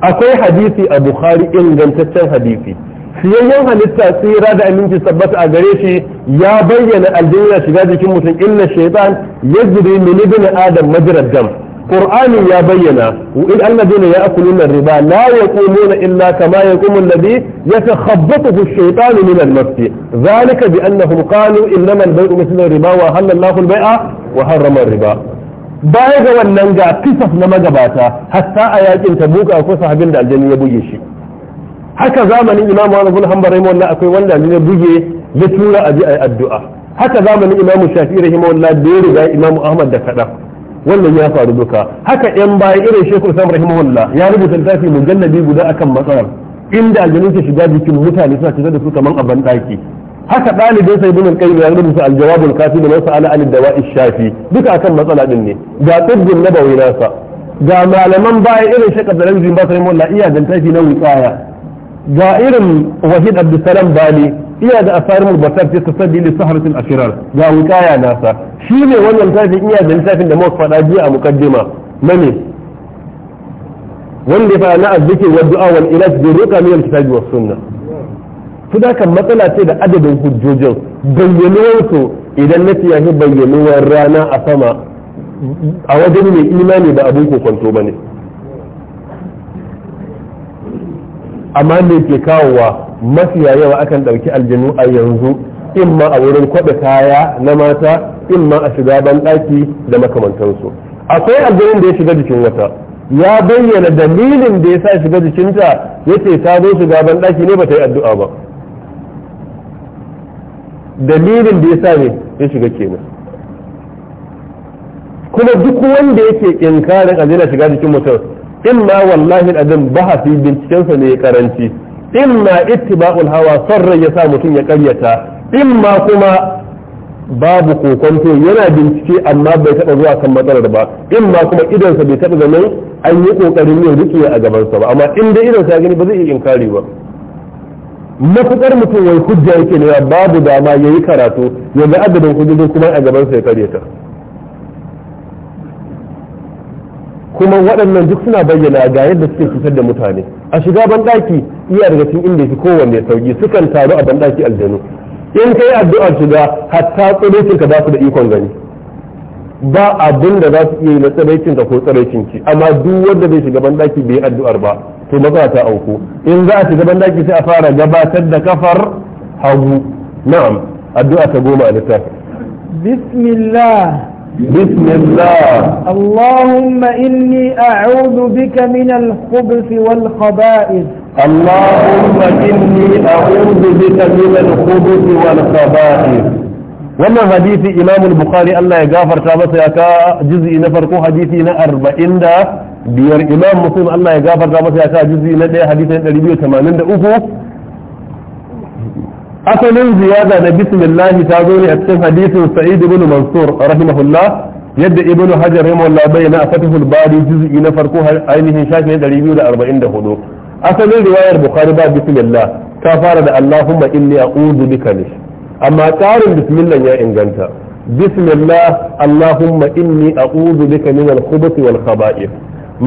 akwai hadisi a bukhari ingantaccen hadisi siyayyen halitta tsira da aminci sabbata a gare shi ya bayyana aljanna shiga jikin mutum illa shaitan yajri min ibn adam majrad dam qur'ani ya bayyana in alladina ya'kuluna riba la yaqumuna illa kama ya alladhi yatakhabbathu ash-shaytanu min al-mas dhalika bi annahum qalu innama al-bay'u mithlu ar-riba wa halallahu al-bay'a wa harrama riba baya ga wannan ga kisaf na magabata hatta a yakin tabuka akwai sahabin da aljani ya buge shi haka zamanin imamu Ahmad bin Hanbal rahimahullah akwai wanda aljani ya buge ya tura aji ayi addu'a haka zamanin imamu Shafi'i rahimahullah da ya riga imamu Ahmad da kaɗan wannan ya faru duka haka yan baya irin shekul sam rahimahullah ya rubuta littafi mujallabi guda akan matsalar inda aljanun ke shiga jikin mutane suna shiga da su kaman a banɗaki haka ɗalibin sai ibn qayyim ya rubuta al-jawabul kafi da wasu ala al-dawa'i shafi duka akan matsala din ne ga tibbin nabawi nasa ga malaman baya irin shekar da lamjin iya dan na wuqaya ga irin wahid abdussalam bali iya da asarin mu ce ta sabbi da saharatin ashirar ga wukaya nasa shi ne wannan tafin iya da littafin da muka fada jiya a mukaddima na ne wanda ya fara na arziki wa du'a wal ilaj roƙa ruqa min kitabi suna su da kan matsala ce da adadin hujjojin bayyanuwarsu idan na ya fi bayyanuwar rana a sama a wajen mai imani ba abin kokonto ba ne amma me ke kawowa mafi yawa akan ɗauki aljanu a yanzu in ma a wurin kwaɓe kaya na mata in ma a shiga banɗaki da makamantansu akwai aljanun da ya shiga jikin wata ya bayyana dalilin da ya sa shiga jikinta ya ce ta zo shiga banɗaki ne ba ta yi addu'a ba dalilin da ya sa ne ya shiga kenan kuma duk wanda yake inkarin aljana shiga jikin mutum in ma wallahi ba bahasi bincikensa ne ya karanci imma ittiba'ul hawa son rai ya sa mutum ya karyata imma kuma babu kokonto yana bincike amma bai taba zuwa kan matsalar ba imma kuma idansa bai taba zama an yi kokarin yin rike a gabansa ba amma in dai idansa gani ba zai iya inkari ba mafukar mutum wai hujja yake ne babu dama yayi karatu yanzu adadin hujjojin kuma a gabansa ya karyata kuma waɗannan duk suna bayyana ga yadda suke cutar da mutane a shiga banɗaki iya daga cikin inda fi kowanne sauki sukan taru a banɗaki aljanu in kai addu'ar shiga hatta tsiraicinka ba su da ikon gani ba abin da za su iya yi na ka ko ki amma duk wanda bai shiga banɗaki bai addu'ar ba to matsala ta auku in za a shiga banɗaki sai a fara gabatar da kafar hagu na'am addu'a ta goma a littafin bismillah بسم الله اللهم إني أعوذ بك من الخبث والخبائث اللهم إني أعوذ بك من الخبث والخبائث wannan hadisi imam bukhari Allah ya gafarta masa ya ka juz'i na farko hadisi na arba'in da biyar imam muslim Allah ya gafarta masa ya ka juz'i na ɗaya hadisi na ɗari biyu tamanin da uku asalin ziyada na bismillahi ta zo ne a cikin hadisin sa'id ibn mansur rahimahullah yadda ibn hajar rahimahullah bayyana a fatihul bari juz'i na farko ainihin shafi 244 asalin riwayar bukhari ba bismillah ta fara da allahumma inni a'udhu bika ne amma tsarin bismillah ya inganta bismillah allahumma inni a'udhu bika min al-khubuth wal khaba'ith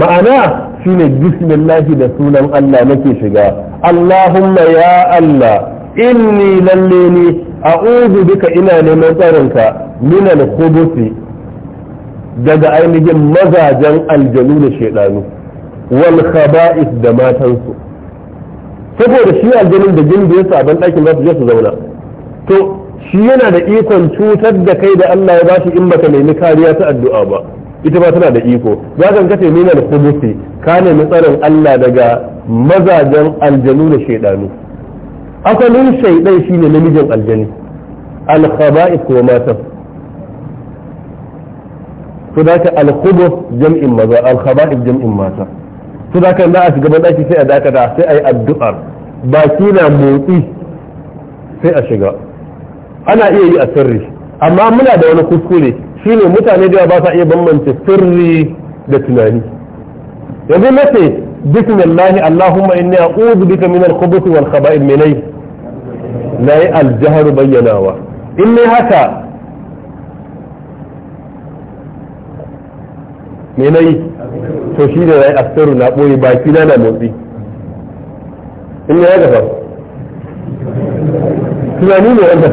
ma'ana shine bismillah da sunan Allah nake shiga allahumma ya Allah inni lalle ni a'udhu duka ina neman tsarinka min al daga ainihin mazajen aljanu da shaidanu wal khaba'is da matansu saboda shi aljanin da jin da a saban ɗakin za su je su zauna to shi yana da ikon cutar da kai da Allah ya bashi in baka nemi kariya ta addu'a ba ita ba tana da iko za ka kace mina kubusi ka nemi tsaron Allah daga mazajen aljanu da shaidanu? asalin shaidan shine namijin aljani al-khaba'ith wa matab su da al-khubuth jam'in maza al-khaba'ith jam'in mata su da ka a shiga ban shi sai a dakata sai a yi addu'ar baki na motsi sai a shiga ana iya yi a sirri amma muna da wani kuskure shine mutane da ba sa iya bambance sirri da tunani yanzu mace bismillahi allahumma inni a'udhu bika min al-khubuthi wal khaba'ith minai nayi al bayyanawa in to shi da nayi astaru na ɓoye baki na na motsi in ne haka tunani ne wanda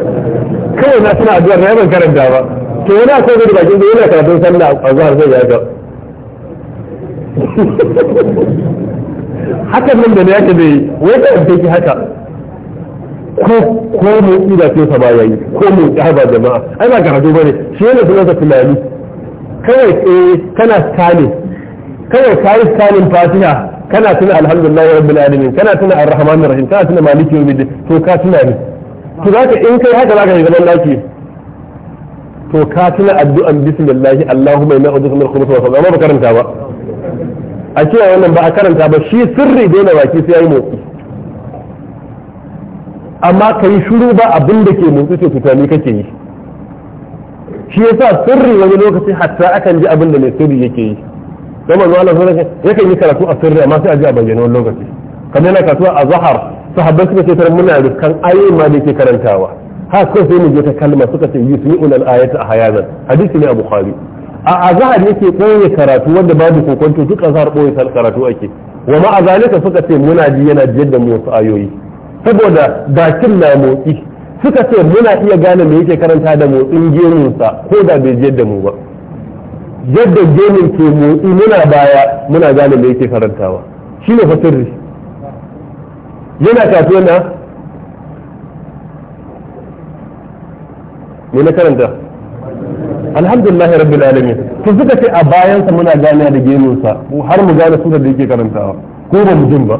kawai na suna addu'ar na ban karanta ba to yana akwai da bakin da yana karatun sallah a zuwa zai ya ga hakan nan da ne yake da yi wai ka ɗauke ki haka ko ko mu ida ce sa ba yayi ko mu ya ba jama'a ai ba karatu bane shi ne sunan sa tunani kawai eh kana tani kawai kai tanin fatiha kana tuna alhamdulillahi rabbil alamin kana tuna arrahmanir rahim kana tuna maliki yawmiddin to ka tuna ne to zaka in kai haka zaka yi zaman laki to ka tuna addu'an bismillah allahumma inna a'udhu bika min al-khubuthi wal khaba'ith amma ba karanta ba a cewa wannan ba a karanta ba shi sirri na baki sai ya yi motsi amma ka yi shuru ba abin da ke motsi ce tutani kake yi shi yasa sirri wani lokaci hatta akan ji abin da mai sirri yake yi don manzo Allah sun yakan yi karatu a sirri amma sai a ji a bayyana wani lokaci kamar yana kasuwa a zahar sahabban suka ce tarar muna riskan ayoyi ma da yake karantawa har sai mu je ta kalma suka ce yusmi'ul al-ayata a hayazan hadisi ne a bukhari a azhar yake koye karatu wanda babu kokonto duk azhar koye karatu ake wa ma azalika suka ce muna ji yana jiyar da mu wasu ayoyi saboda bakin na motsi suka ce muna iya gane me yake karanta da motsin geminsa ko da bai jiyar da mu ba yadda gemin ke motsi muna baya muna gane me yake karantawa shi ne fasirri yana kafin na me na karanta alhamdulillah rabbil alamin to suka ce a bayan sa muna gane da gemun sa har mu gane surar da yake karantawa ko ba mu jin ba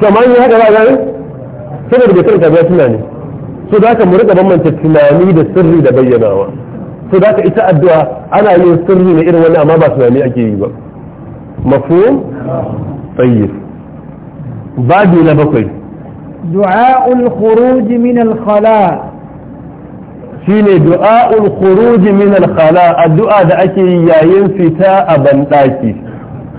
to amma in haka ba gane saboda bai karanta ba tunani so da ka mu rika bambance tunani da sirri da bayyanawa so da ka ita addu'a ana yin sirri ne irin wannan amma ba tunani ake yi ba mafhum tayyib babu na bakwai du'a al-khuruj min al-khala' shine du'a'ul khuruj min al-khala addu'a da ake yayin fita a bandaki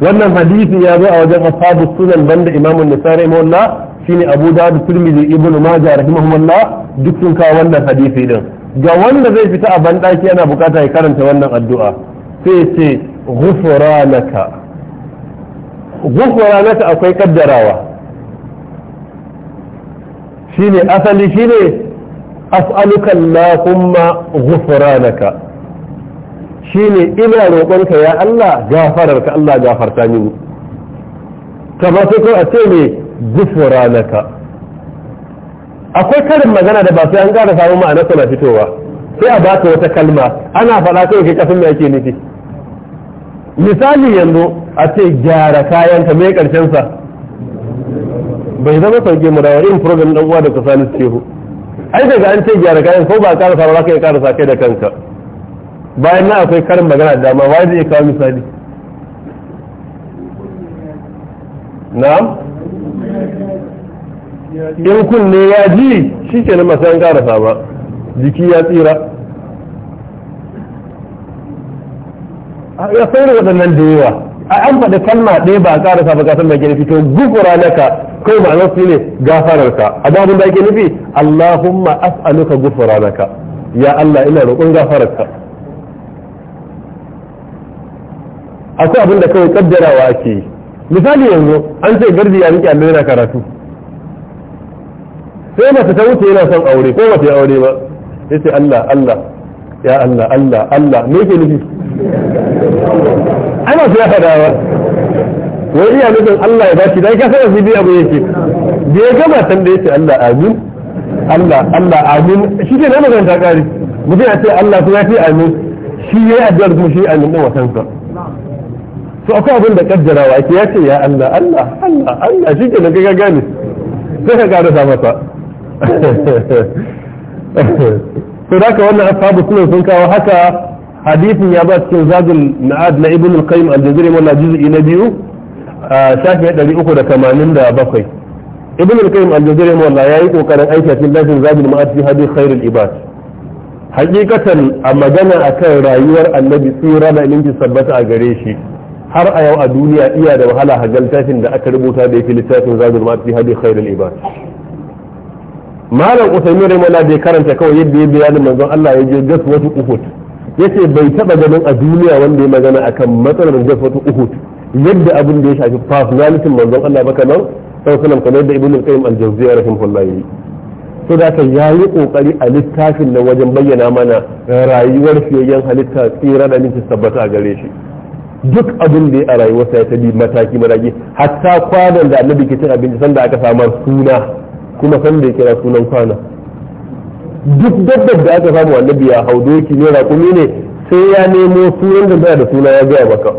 wannan hadisi ya zo a wajen ashabu sunan banda imam an-nasari mawalla shine abu dawud tirmidhi ibnu majah rahimahumullah duk sun kawo wannan hadisi din ga wanda zai fita a bandaki yana bukata ya karanta wannan addu'a sai ce ghufranaka ghufranaka akwai kaddarawa shine asali shine as'aluka allahumma ghufranaka shine ina roƙonka ya Allah gafararka Allah gafarta mini kamar sai ko a ce akwai karin magana da ba sai an ƙara samu ma'ana tana fitowa sai a baka wata kalma ana faɗa kai kai kasan me yake nufi misali yanzu a ce gyara kayan ka me karshen sa bai zama sauke mu da in program dan uwa da kusanis kehu ai daga an ce gyara kayan ko ba karasa ba za ka iya karasa kai da kanka bayan na akwai karin magana da dama wai zai kawo misali na in kunne ya ji shi ke na masu yan karasa ba jiki ya tsira a ya sauri waɗannan da yawa a an faɗi kalma ɗaya ba a ƙara sa ba san mai gina fito gugura naka kai ma'anar su ne gafararka a babin da ake nufi Allahumma as'aluka gufura naka ya Allah ina roƙon gafararka akwai abin da kawai kaddarawa ake yi misali yanzu an ce garbi ya riƙe Allah yana karatu sai mace ta wuce yana son aure ko mace aure ba yace Allah Allah ya Allah Allah Allah me yake nufi ana su ya faɗa ba wai iya nufin Allah ya bashi dai ka sanar su biya mu yake da ya gama san da ce Allah amin Allah Allah amin shi ke nan zan ta mutum ya ce Allah kuma ya ce amin shi ya yi addu'ar kuma shi amin din sa. to akwai abin da kaddarawa yake ya ce ya Allah Allah Allah Allah shi ke nan ka gane sai ka sa masa to da ka wannan ashabu suna sun kawo haka hadisin ya ba cikin zagin ma'ad na ibn al-qayyim al-jazari wannan na biyu a shafi 387 ibn al-qayyim al-jazari wannan yayi kokarin aika cikin lafin a ma'ad fi hadith khairul ibad a magana akan rayuwar annabi tsira da ilinki sabbata a gare shi har a yau a duniya iya da wahala haga littafin da aka rubuta da yake littafin zagin ma'ad fi hadith khairul ibad malam usaimin raimala bai karanta kawai yadda ya bayanin manzon Allah ya je gas wasu uhud yace bai taba ganin a duniya wanda ya magana akan matsalar jafatu uhud yadda abin da ya shafi personality manzon Allah ba kamar sallallahu kamar da ibnu qayyim al-jawziyya rahimahullah yi so da ka yayi kokari a littafin nan wajen bayyana mana rayuwar fiyayyen halitta tsira da nake tabbata a gare shi duk abin da ya a rayuwarsa ya tabi mataki mataki hatta kwanan da annabi ke cin abinci sanda aka samar suna kuma sanda ya kira sunan kwana duk dabbar da aka samu annabi ya hau doki ne raƙumi ne sai ya nemo sunan da da suna ya gaya maka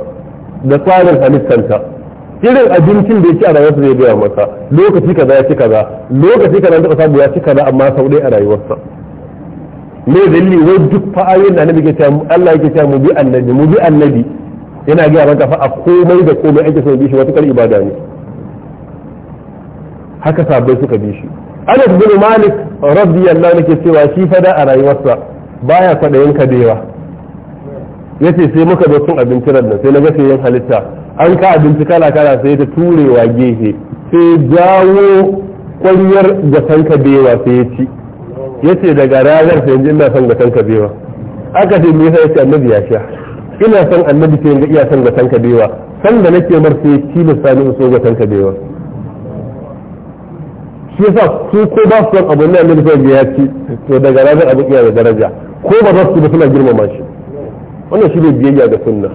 da tsarin halittanta irin abincin da ya ci a rayuwarsa zai gaya maka lokaci kaza ya ci kaza lokaci kaza da samu ya ci kaza amma sau ɗaya a rayuwarsa me dalili wai duk fa'ayoyin da annabi ke cewa Allah yake cewa mu bi annabi mu bi annabi yana gaya maka fa a komai da komai ake so bi shi wata ibada ne haka sabai suka bi shi Anas bin Malik radiyallahu anhu cewa shi fada a rayuwarsa baya kwadayin kadewa yace sai muka zo cin abinci nan sai na ga sai yin halitta an ka abinci kala kala sai ta turewa gehe sai jawo kwaryar gatan kabewa sai ya ci yace daga ranar sai ina son gatan kabewa aka ce me yasa yace annabi ya sha ina son annabi sai ga iya son gatan kabewa san da nake mar sai ci lissani so gatan kabewa shi yasa su ko ba su san abu ne annabi sai ya ci to daga ranar abu iya daraja ko ba za su ba suna girmama shi wannan shi ne biyayya ga sunna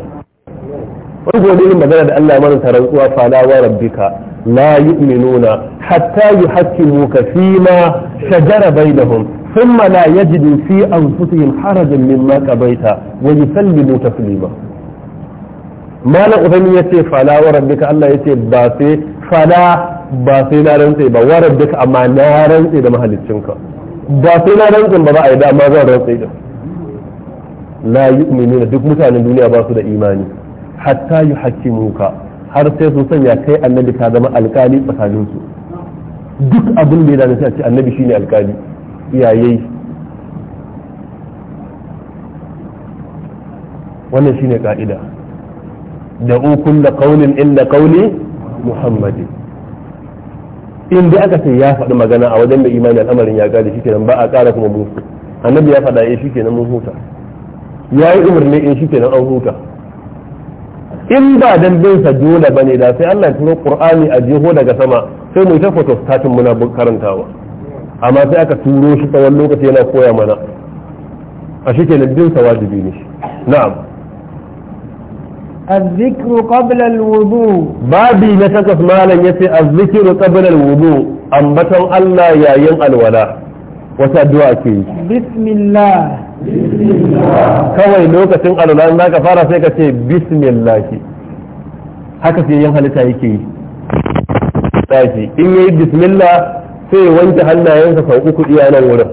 wani wani irin magana da Allah mana taron tsuwa fala wa rabbika la yu'minuna hatta yuhaqqimuka fima shajara bainahum ثم لا يجدوا في أنفسهم حرجا مما قضيت ويسلموا تسليما ما لا أذن فلا وربك الله يتي باسي فلا ba sai na rantse ba warar duka amma na rantse da mahaliccinka ba sai na rantse ba za a yi dama zan rantse da la yu'minuna duk mutanen duniya ba su da imani hatta yuhaqqimuka har sai su sanya kai annabi ka zama alkali tsakanin su duk abin da ya dace a annabi shine alkali iyaye wannan shine ka'ida da kulla qawlin illa qawli muhammadin in dai aka ce ya faɗi magana a wajen mai imani al'amarin ya gada shi kenan ba a ƙara kuma musu annabi ya faɗa eh shi kenan mun huta ya yi umarni eh shi kenan an huta in ba dan bin sa ba ne da sai Allah ya turo Qur'ani a jeho daga sama sai mu ta photo statin muna karantawa amma sai aka turo shi tsawon lokaci yana koya mana a shi kenan bin sa wajibi ne na'am الذكر قبل الوضوء بابي نتقف ما لن يسي الذكر قبل الوضوء أم بطن الله يا ين الولا وتدعك بسم الله kawai lokacin alwalan na ka fara sai ka ce bismillah haka sai yin halitta yake yi tashi in yi bismillah sai wanke hannayensa sau uku iya nan wurin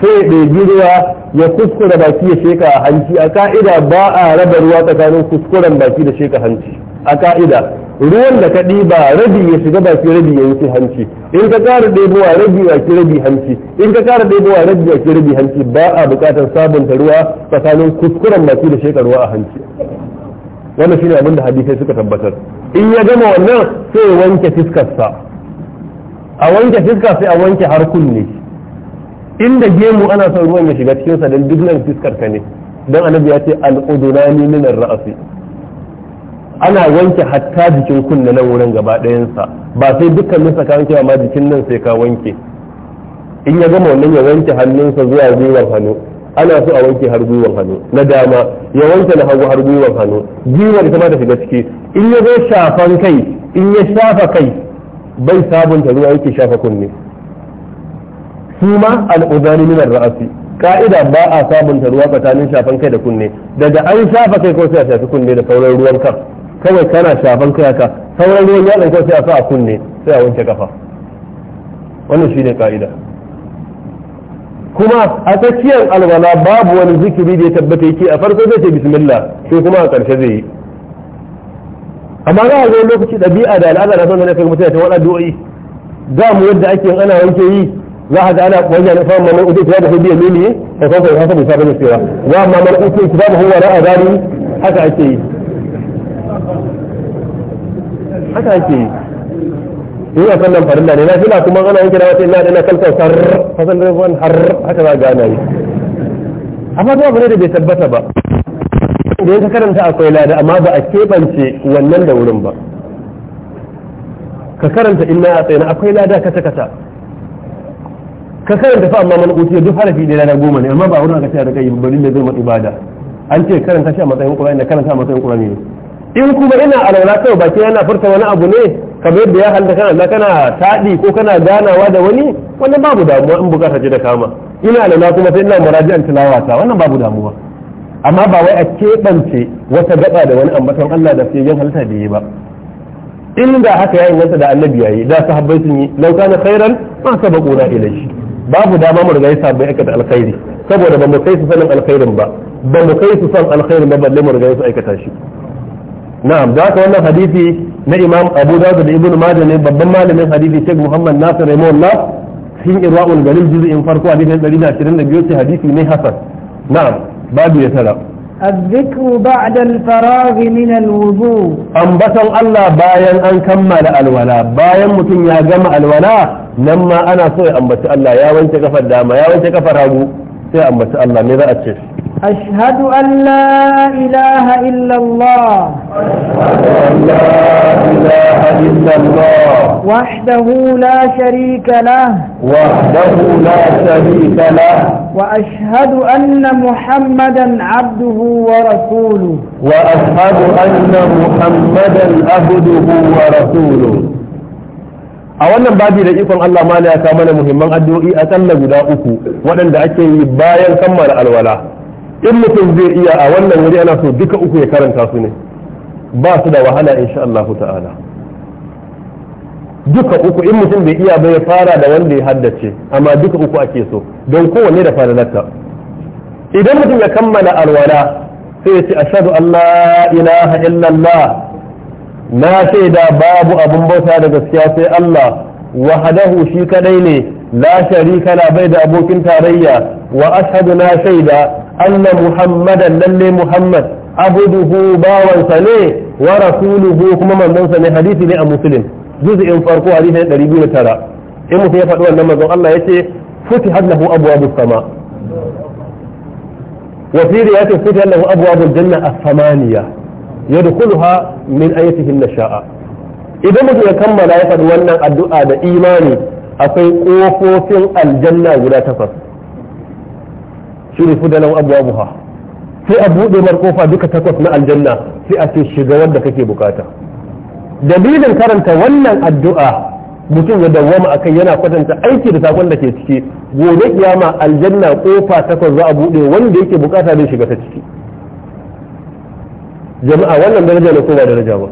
sai ya ruwa ya kuskura baki ya sheka a hanci a ka'ida ba a raba ruwa tsakanin kuskuren baki da sheka hanci a ka'ida ruwan da ka ɗiba rabi ya shiga baki rabi ya wuce hanci in ka ƙara ɗebowa rabi ya ki rabi hanci in ka ƙara ɗebowa rabi ya ki rabi hanci ba a buƙatar sabunta ruwa tsakanin kuskuren baki da sheka ruwa a hanci wannan shine abin da hadisai suka tabbatar in ya gama wannan sai ya wanke fiskarsa a wanke fiskar sai a wanke har kunne inda gemu ana son ruwan ya shiga cikinsa don duk nan fiskar ka ne don annabi ya ce al'udunani minar ra'asi ana wanke hatta jikin kunne nan wurin gaba ɗayansa ba sai dukkan nasa ka wanke amma jikin nan sai ka wanke in ya gama wannan ya wanke hannunsa zuwa gwiwar hannu ana so a wanke har gwiwar hannu na dama ya wanke na hagu har gwiwar hannu gwiwar ita ma ta shiga ciki in ya zo shafan kai in ya shafa kai bai sabunta ruwa yake shafa kunne huma al'udani min ra'asi ka'ida ba a sabunta ruwa tsakanin shafan kai da kunne daga an shafa kai ko sai a shafi kunne da sauran ruwan kan kawai kana shafan kai haka sauran ruwan ya ko sai a sa a kunne sai a wanke kafa wannan shine ka'ida kuma a tsakiyar alwala babu wani zikiri da ya tabbata yake a farko zai ce bismillah sai kuma a ƙarshe zai yi amma za a zo lokaci ɗabi'a da al'ada na son zane kai mutum ya ta waɗa do'i za mu yadda ake ana wanke yi واحد انا وجه الاسلام من اوتي كتابه بيمينه فسوف haka ake yi haka ake yi ina sallan farilla ne na fila kuma ana yanke wata ina da na kalkar sar fasan har haka za gana yi amma zuwa bane da bai tabbata ba da yanka karanta akwai lada amma ba a keɓance wannan da wurin ba ka karanta ina a tsaye akwai lada kata kata ka karanta fa amma mana kuti duk harafi ne na goma ne amma ba wurin aka ce da kai bari ne zai mu ibada an ce karanta shi a matsayin qur'ani da karanta a matsayin qur'ani ne in kuma ina alwala kai baki yana furta wani abu ne kamar yadda ya halda kana kana tadi ko kana ganawa da wani wannan babu damuwa in bukata ji da kama ina alwala kuma sai ina muraji'an ta wannan babu damuwa amma ba wai a keɓance wata gaba da wani ambaton Allah da sai yan halta da yi ba in da haka yayin wata da annabi yayi da sahabbai sun yi lau kana khairan ma sabaquna ilayhi babu dama mu riga yasa bai aikata alkhairi saboda ba mu kai su sanin alkhairin ba ba mu kai su san alkhairin ba balle mu riga su aikata shi na'am da haka wannan hadisi na imam abu dawud da ibnu majah ne babban malamin hadisi sheikh muhammad nasir rahimahullah cikin irwa'ul galil juz'in farko hadisi 122 sai hadisi ne hasan na'am babu ya tara الذكر بعد الفراغ من الوضوء أنبتن الله بايا أن كمل الولاء بايا متن يا جمع الولاء لما أنا صوي أنبت الله يا وانت كفر داما يا وانت كفر هابو sai ambaci Allah ne za a ce أشهد أن لا إله إلا الله أشهد أن لا إله إلا الله وحده لا شريك له وحده لا شريك له وأشهد أن محمدا عبده ورسوله وأشهد أن محمدا عبده ورسوله a wannan babi da ikon Allah ma ya kawo mana muhimman addu'o'i a guda uku waɗanda ake yi bayan kammala alwala in mutum zai iya a wannan wuri ana so duka uku ya karanta su ne ba su da wahala insha Allah ta'ala duka uku in mutum bai iya bai fara da wanda ya haddace amma duka uku ake so don kowanne da fadalarta idan mutum ya kammala alwala sai ya ce ashadu allah la ilaha illallah na shaida babu abun bauta da gaskiya sai Allah wahadahu shi kadai ne la sharika la bai da abokin tarayya wa ashadu na shaida anna muhammadan lalle muhammad abuduhu bawansa ne wa rasuluhu kuma manzonsa ne hadisi ne a muslim juz'in farko hadisi ne 209 in mutum ya faɗi wannan manzon Allah yace futihat lahu abwabus sama wa fi riwayatin futihat lahu abwabul janna as-samaniya yadkhuluha min ayatihi an-nasha'a idan mutum ya kammala ya faɗi wannan addu'a da imani akwai kofofin aljanna guda takwas shine fudalan abubuwa, sai a buɗe mar kofa duka takwas na aljanna sai a ce shiga wanda kake bukata dalilin karanta wannan addu'a mutum ya dawwama akai yana kwatanta aiki da sakon da ke ciki gobe kiyama aljanna kofa takwas za a buɗe wanda yake bukata zai shiga ta ciki jama'a wannan daraja ne ko ba daraja ba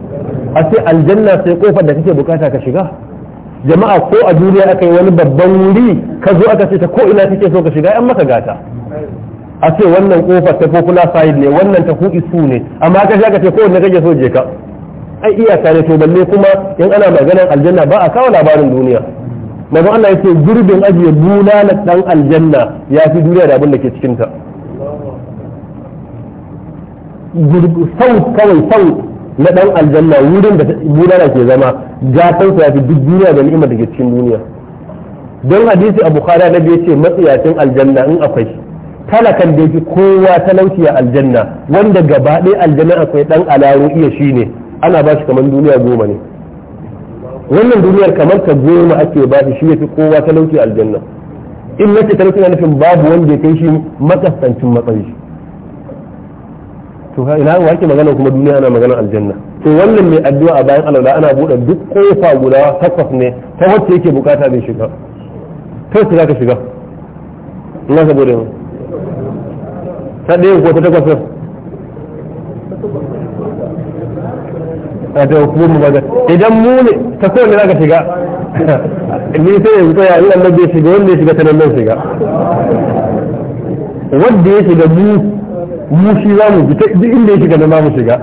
a ce aljanna sai kofar da kake bukata ka shiga jama'a ko a duniya aka yi wani babban wuri ka zo aka ce ta ko ina kake so ka shiga 'yan maka gata a ce wannan kofar ta popular side ne wannan ta kuɗi su ne amma ka shaka ce kowanne kake so je ka ai iyaka ne to balle kuma in ana maganar aljanna ba a kawo labarin duniya manzon Allah yace gurbin ajiye na dan aljanna ya fi duniya da abin da ke cikin ta sau kawai sau na dan aljanna wurin da bulala ke zama gatan ya fi duk duniya da ni'imar da ke cikin duniya don hadisi a bukhari na biyu ce matsiyacin aljanna in akwai talakan da yake kowa talauci a aljanna wanda gaba ɗaya aljanna akwai ɗan alaro iya shine ana ba shi kamar duniya goma ne wannan duniyar kamar ta goma ake ba shi ya fi kowa talauci a aljanna in nace talauci na nufin babu wanda ya kai shi makasancin matsayi to to ina wa ake magana kuma duniya ana magana aljanna to wannan mai addu'a a bayan alwala ana buɗe duk kofa guda takwas ne ta wacce yake bukata zai shiga za ka shiga ina saboda yau ta ɗaya ko ta takwas a ta hukumar mu baga idan mu ne ta kowane za ka shiga ni sai ya fito ya yi annabi ya shiga wanda ya shiga ta nan shiga wanda ya shiga mu mu shi za mu fita duk inda ya shiga nan za mu shiga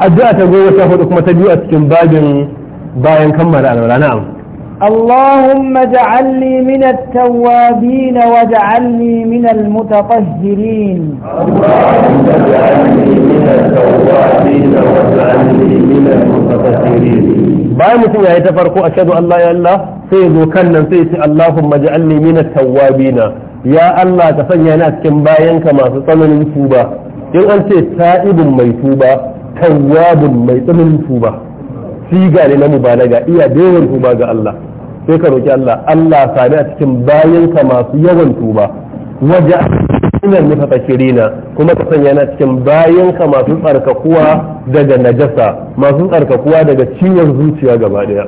addu'a ta goma ta hudu kuma ta biyu a cikin babin bayan kammala alwala na'am اللهم اجعلني من التوابين واجعلني من المتطهرين اللهم اجعلني من التوابين واجعلني من المتطهرين bayan mutum ya yi ta farko a shaɗu Allah ya Allah sai zo kan nan sai ce Allahumma ja'alni min at-tawwabina ya Allah ka sanya ni a cikin bayanka masu tsananin tuba in an ce ta'ibun mai tuba tawwabun mai tsananin tuba siga ne na mubalaga iya dewan tuba ga Allah sai ka roki Allah Allah sami a cikin bayanka masu yawan tuba waje inan nufa takirina kuma ka sanya na cikin bayanka masu tsarkakuwa daga najasa masu tsarkakuwa daga ciwon zuciya gaba daya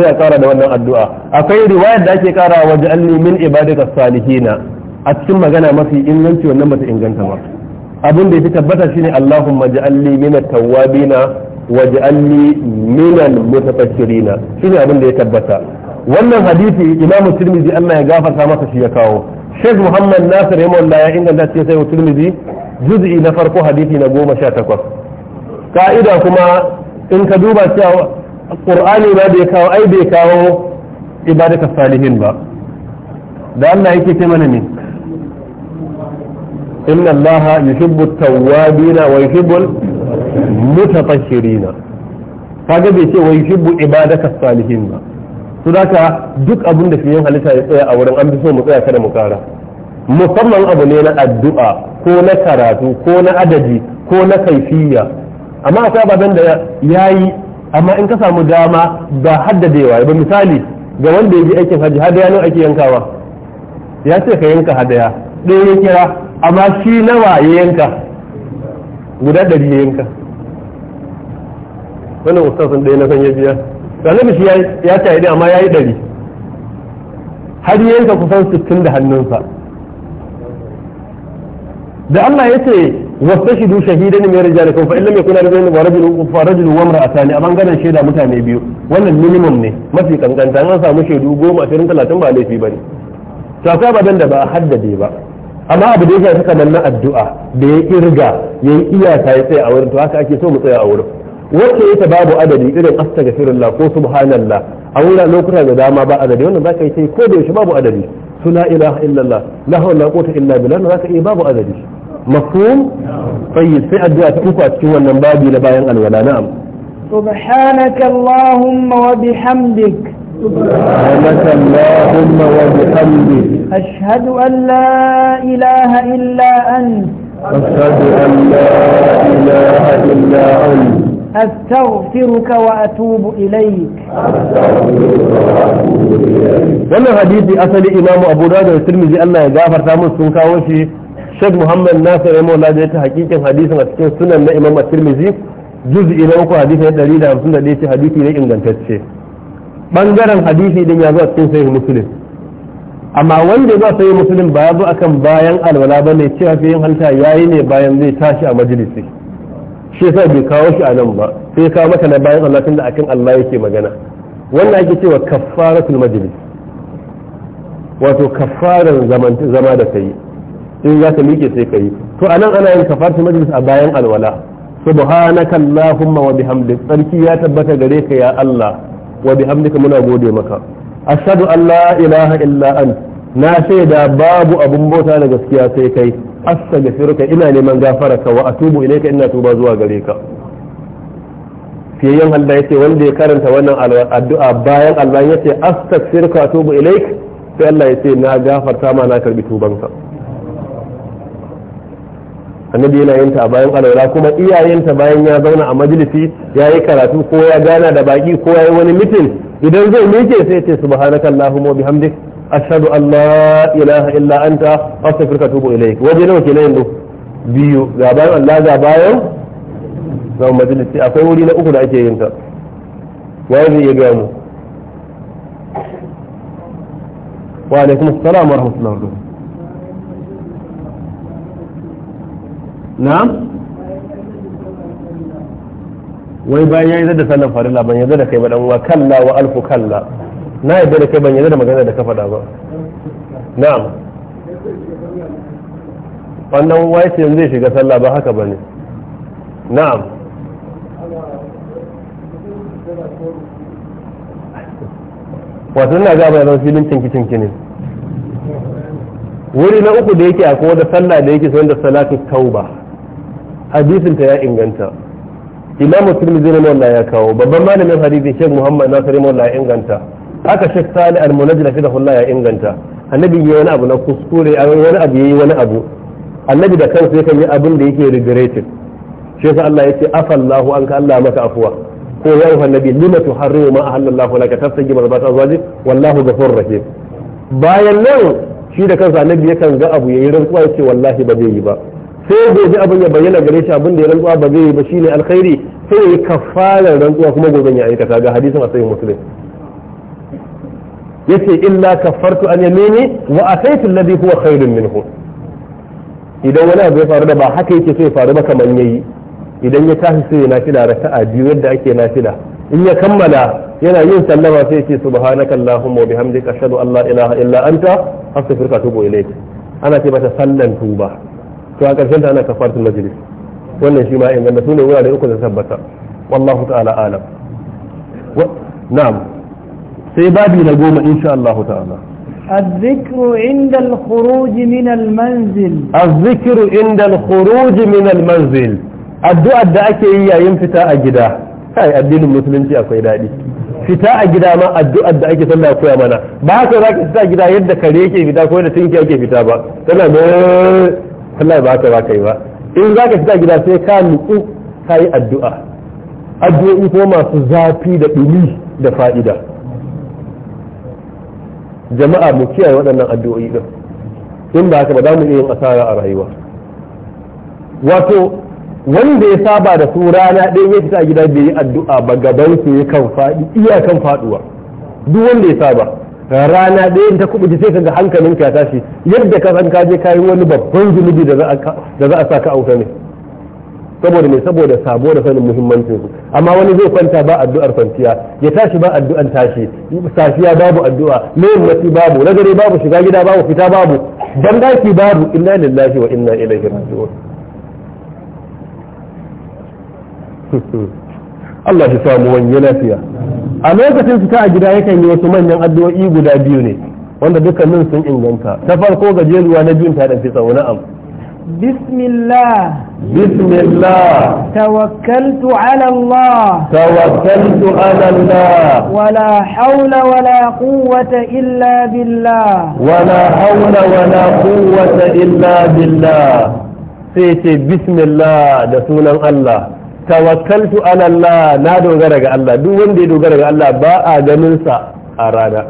sai a kara da wannan addu'a akwai riwayar da ake kara waje alli min ibadika salihina a cikin magana mafi inganci wannan bata inganta ba abin da ya fi tabbata shine Allahumma ja'alni min at-tawwabina waj'alni minal mutafakkirin shine abin da ya tabbata wannan hadisi imamu tirmidhi Allah ya gafarta masa shi ya kawo Sheikh Muhammad Nasir Yamullah ya inganta ce sai tirmidhi juz'i na farko hadisi na 18 ka'ida kuma in ka duba cewa Qur'ani ba da ya kawo ai bai kawo ibadatu salihin ba da Allah yake ce mana ne inna allaha yuhibbu at-tawwabina wa mutatahhirina kaga bai ce wai ibada ka salihin ba to daka duk abin da fiye halitta ya tsaya a wurin an bi so mu tsaya kada mu kara musamman abu ne na addu'a ko na karatu ko na adadi ko na kaifiyya amma akwai ababen da yayi amma in ka samu dama ba haddadewa ba misali ga wanda ya bi aikin haji hadaya nawa ake yankawa ya ce ka yanka hadaya ɗaya ya kira amma shi nawa ya yanka guda ɗari ya yanka wannan ustazin ɗaya na san ya biya annabi shi ya ta yi amma ya yi ɗari har yanka kusan sittin da hannunsa da Allah ya ce wasu wastashidu shahidan min rijalikum fa illam yakuna rijalun wa da fa rajulun wa asali a bangaren shaida mutane biyu wannan minimum ne mafi kankanta an samu shaidu goma ashirin talatin ba laifi ba ne to akwai ababen da ba a haddade ba amma abu da ya saka nan addu'a da ya kirga ya yi iyaka ya tsaya a wurin to haka ake so mu tsaya a wurin wacce ita babu adadi irin astaghfirullah ko subhanallah a wurin lokuta da dama ba adadi wannan zaka yi ko da yaushe babu adadi suna ilaha illallah la hawla quwwata illa billah wannan zaka yi babu adadi mafhum tayyib sai addu'a ta uku a cikin wannan babi na bayan alwala na'am subhanaka allahumma wa bihamdik subhanaka allahumma wa bihamdik أشهد أن لا إله إلا أنت أشهد أن لا إله إلا أنت أستغفرك وأتوب إليك wannan hadisi asali imamu abu da da tirmizi Allah ya gafarta mun sun kawo shi Sheikh Muhammad Nasir Imam Allah ya ta hakikin hadisin a cikin sunan na Imam turmizi juz'i na uku hadisi na 151 ce hadisi ne ingantacce bangaren hadisi din ya zo a cikin sahih Muslim amma wanda za sai musulun ba ya zo akan bayan alwala ba ne cewa fiye hanta ya yi ne bayan zai tashi a majalisi shi yasa bai kawo shi a nan ba sai kawo maka na bayan Allah tunda akan Allah yake magana wannan ake cewa kaffaratul majlis wato kaffaran zama da kai in za ka miƙe sai kai to anan ana yin kaffaratul majlis a bayan alwala subhanaka allahumma wa bihamdika tsarki ya tabbata gare ka ya Allah wa bihamdika muna gode maka ashadu an la ilaha illa an na shaida babu abun bauta da gaskiya sai kai astaghfiruka ina neman ka wa atubu ilaika ina tuba zuwa gare ka fiyayyen Allah yace wanda ya karanta wannan addu'a bayan Allah yace astaghfiruka wa atubu ilayk sai Allah ce na gafarta ma na karbi tubanka annabi yana yin ta a bayan alwala kuma iyayenta bayan ya zauna a majalisi ya yi karatu ko ya gana da baki ko ya yi wani mitin idan zai miƙe sai ce subhanaka allahumma wa bihamdik ashhadu an la ilaha illa anta astaghfiruka wa atubu ilaik waje nawa kenan yanzu biyu ga bayan Allah ga bayan ga majalisi akwai wuri na uku da ake yin ta wai zai iya gaya mu wa alaikum assalam wa rahmatullahi wa barakatuh na'am wai bayan ya yi zai da sallan farilla ban yarda da kai ba dan wa kalla wa alfu kalla na yarda da kai ban yarda da magana da ka faɗa ba na'am wannan wace ce zai shiga sallah ba haka ba bane na'am wato ina ga bayan filin cinki cinki ne wuri na uku da yake akwai wata sallah da yake sayan da salatu tauba hadisin ta ya inganta imamu na rahimahullah ya kawo babban malamin hadisi shek muhammad nasir rahimahullah ya inganta aka shek sali al fita hula ya inganta annabi yi wani abu na kuskure wani abu yi wani abu annabi da kansa yakan yi abin da yake regretting shi yasa Allah ce afallahu ka Allah maka afuwa ko ya yi annabi lima tuharrimu ma ahallallahu laka tasaji marzata azwaji wallahu ghafur rahim bayan nan shi da kansa annabi yakan ga abu yayi rantsuwa yace wallahi ba zai yi ba sai gobe abin ya bayyana gare shi abin da ya rantsuwa ba zai yi ba shine alkhairi sai ya yi kafalar rantsuwa kuma gobe ya aikata ga hadisin a sayin musulun yace illa kafartu an yamini wa ataitu ladi kuwa khairun minhu idan wani abu ya faru da ba haka yake so ya faru ba kamar yi idan ya tashi sai ya nafila a biyu yadda ake nafila in ya kammala yana yin sallama sai ce subhanaka allahumma wa bihamdika ashhadu an la ilaha illa anta astaghfiruka wa atubu ilayk ana ce mata sallan tuba to a ƙarshen ta ana kafaratul majlis wannan shi ma inganta su ne wurare uku da tabbata wallahu ta'ala alam na'am sai babi na goma insha Allah ta'ala الذكر عند الخروج من المنزل الذكر عند الخروج من المنزل addu'ar da ake yi yayin fita a gida kai addinin musulunci akwai daɗi fita a gida ma addu'ar da ake sallah koya mana ba haka za ka fita a gida yadda kare yake fita ko da tinki yake fita ba tana Allah ba ka ba kai ba in za ka shiga gida sai ka nutsu ka yi addu'a addu'o'i ko masu zafi da ɗumi da fa'ida jama'a mu kiyaye waɗannan addu'o'i ɗin in ba haka ba za mu iya yin asara a rayuwa wato wanda ya saba da su rana ɗaya ya fita gida bai yi addu'a ba gaban su ya kan faɗi iyakan faɗuwa duk wanda ya saba rana ɗaya ta kubuce sai kaga hankalinka ya tashi yadda ka san ka je kayi wani babban zunubi da za a sa ka auta ne saboda mai saboda sabo da sanin muhimmancin su amma wani zai kwanta ba addu'ar kwanciya ya tashi ba addu'an tashi safiya babu addu'a layyamati babu na dare babu shiga gida babu fita babu dan daki babu inna lillahi wa inna ilaihi raji'un Allah ya samu wani lafiya a lokacin fita a gida yakan yi wasu manyan addu'o'i guda biyu ne wanda dukkanin sun inganta ta farko gajeruwa na biyun ta da fi tsawo na'am بسم الله بسم الله توكلت على الله توكلت على الله ولا حول ولا قوة إلا بالله ولا حول ولا قوة إلا بالله سيتي بسم الله دسونا الله tawakkaltu ala Allah na dogara ga Allah duk wanda ya dogara ga Allah ba a ganin sa a rana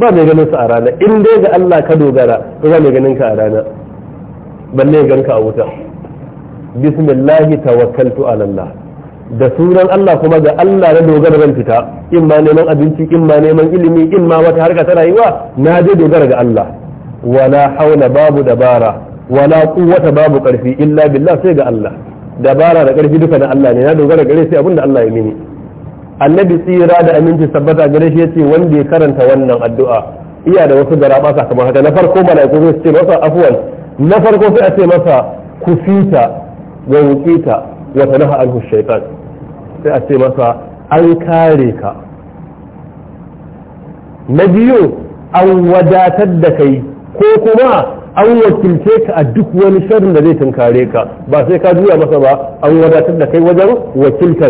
ba mai ganin sa a rana in dai ga Allah ka dogara to ba mai ganin ka a rana balle ya ganka a wuta bismillah tawakkaltu ala Allah da sunan Allah kuma ga Allah na dogara ran fita in ma neman abinci in ma neman ilimi in ma wata harka ta rayuwa na je dogara ga Allah wala haula babu dabara wala quwwata babu karfi illa billah sai ga Allah dabara da ƙarfi duka na Allah ne na dogara gare shi abinda Allah ya mini annabi tsira da aminci sabbata gare shi yace wanda ya karanta wannan addu'a iya da wasu garaba sakamakon haka na farko mala'iku sai ce masa afwan na farko sai a ce masa kufita wa wukita wa tanaha anhu shaytan sai a ce masa an kare ka na biyu an wadatar da kai ko kuma an wakilce ka a duk wani shirin da zai tunkare ka ba sai ka juya masa ba an wadatar da kai wajen ka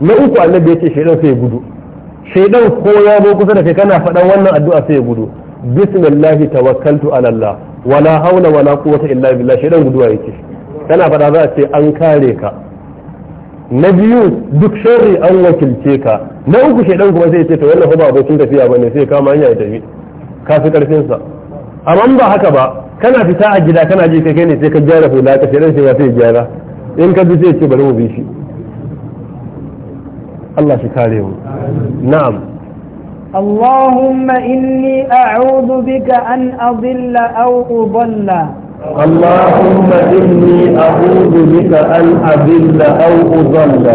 na uku annabi ya ce shaidan sai gudu shaidan ko ya zo kusa da kai kana faɗan wannan addu'a sai gudu bismillahi tawakkaltu ala Allah wala haula wala quwwata illa billah shaidan guduwa yake kana faɗa za a ce an kare ka na biyu duk sharri an wakilce ka na uku shaidan kuma sai ya ce to wannan ba abokin tafiya bane sai kama hanya ya tafi ka fi karfin sa amma ba haka ba kana fita a gida kana ji kai ne sai ka gyara hula ka sai dan sai sai gyara in ka bi sai ce bari mu bi shi Allah shi kare mu na'am اللهم إني أعوذ بك أن أضل أو أضل اللهم إني أعوذ بك أن أذل أو أذل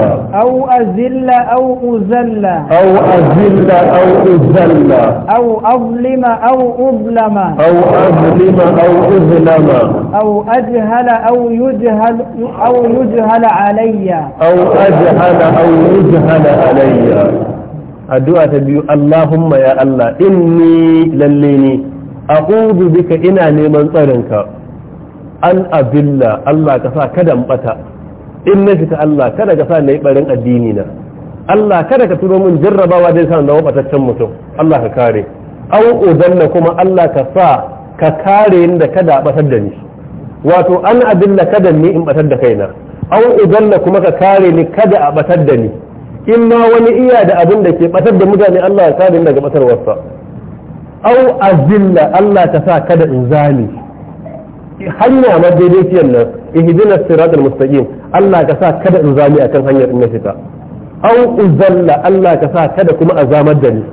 أو أذل أو أذل أو أذل أو أذل أو أظلم أو أظلم أو أظلم أو أظلم أو أجهل أو يجهل أو يجهل علي أو أجهل أو يجهل علي الدعاء تبي اللهم يا الله إني لليني أعوذ بك إنا من طرنك an abilla Allah ka sa kada in bata in na fita Allah kada ka sa na yi barin addini na Allah kada ka turo min jarrabawa dai sa zama bataccen mutum Allah ka kare an udanna kuma Allah ka sa ka kare ni da kada batar da ni wato an abilla kada ni in batar da kaina an udanna kuma ka kare ni kada a batar da ni in ma wani iya da abin da ke batar da mutane Allah ya kare ni daga batarwarsa au azilla Allah ka sa kada in zalimi hanya madaidaiciyar nan ihdina siratal mustaƙin, Allah ka sa kada in zami akan hanyar in na fita an uzalla Allah ka sa kada kuma a zamar da ni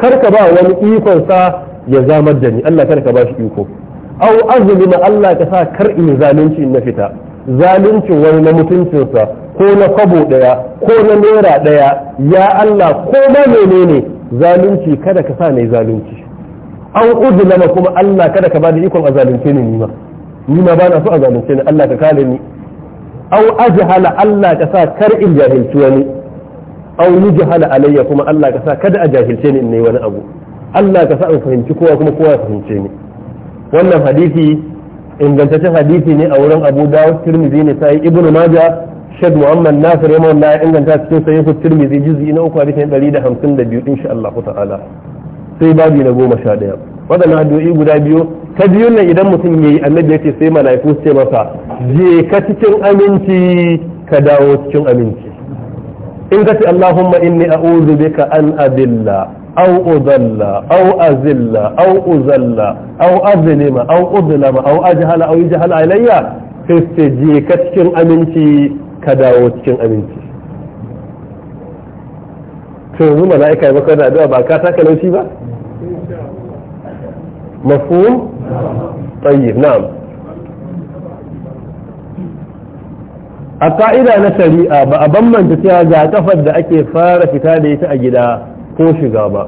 kar ka ba wani ikon sa ya zamar da ni Allah kada ka ba shi iko azumi azlima Allah ka sa kar in zalunci in na fita zaluncin wani na mutuncinsa ko na kwabo ɗaya ko na naira ɗaya, ya Allah ko ma menene zalunci kada ka sa mai zalunci an uzlama kuma Allah kada ka ba da ikon a zalunce ni ma ni ma ba na so a zalunce ni Allah ka kare ni aw ajhala Allah ka sa kar in jahilci wani aw yujhala alayya kuma Allah ka sa kada a jahilce ni in nayi wani abu Allah ka sa in fahimci kowa kuma kowa ya fahimce ni wannan hadisi ingantaccen hadisi ne a wurin Abu Dawud Tirmidhi ne sai Ibn Majah Sheikh Muhammad Nasir Imam na inganta cikin sahihu Tirmidhi juz'i na 3 hadisin 152 insha Allah ta'ala sai babu na 11 waɗannan addu'o'i guda biyu ta biyun nan idan mutum yayi annabi yace sai malaiku su ce masa je ka cikin aminci ka dawo cikin aminci in ka ce Allahumma inni a'udhu bika an adilla aw udalla aw azilla aw uzalla aw azlima aw udlama aw ajhala aw yajhala alayya sai ce je ka cikin aminci ka dawo cikin aminci to yanzu mala'ika ya maka da addu'a ba ka taka laushi ba مفهوم طيب نعم a ka'ida na shari'a ba a bambanta cewa ga da ake fara fita da ita a gida ko shiga ba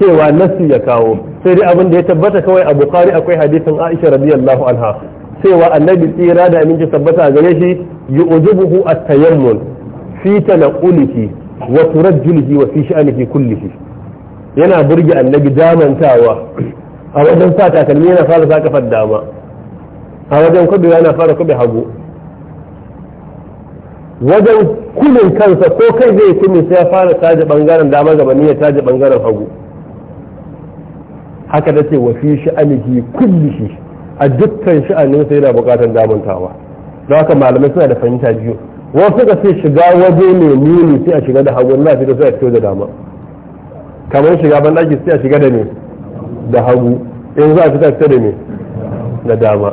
cewa nassi ya kawo sai dai abin da ya tabbata kawai a bukari akwai hadisin aisha radiyallahu anha cewa annabi tsira da aminci tabbata a gare shi yu'jibuhu at-tayammum fi tanaqulihi wa turajjulihi shi fi sha'nihi kullihi yana burge annabi damantawa a wajen sa takalmi yana fara sa kafar dama a wajen kudu yana fara kube hagu wajen kudin kansa ko kai zai kumi sai ya fara taji bangaren dama gabani ya taji bangaren hagu haka da ce wa fi kulli shi a dukkan sha'anin sai yana bukatar damantawa da haka malamai suna da fahimta biyu wasu ka sai shiga waje mai nuni sai a shiga da hagu na da sai a fito da dama kamar shiga ban sai a shiga da ne da hagu in za a fita fita da me da dama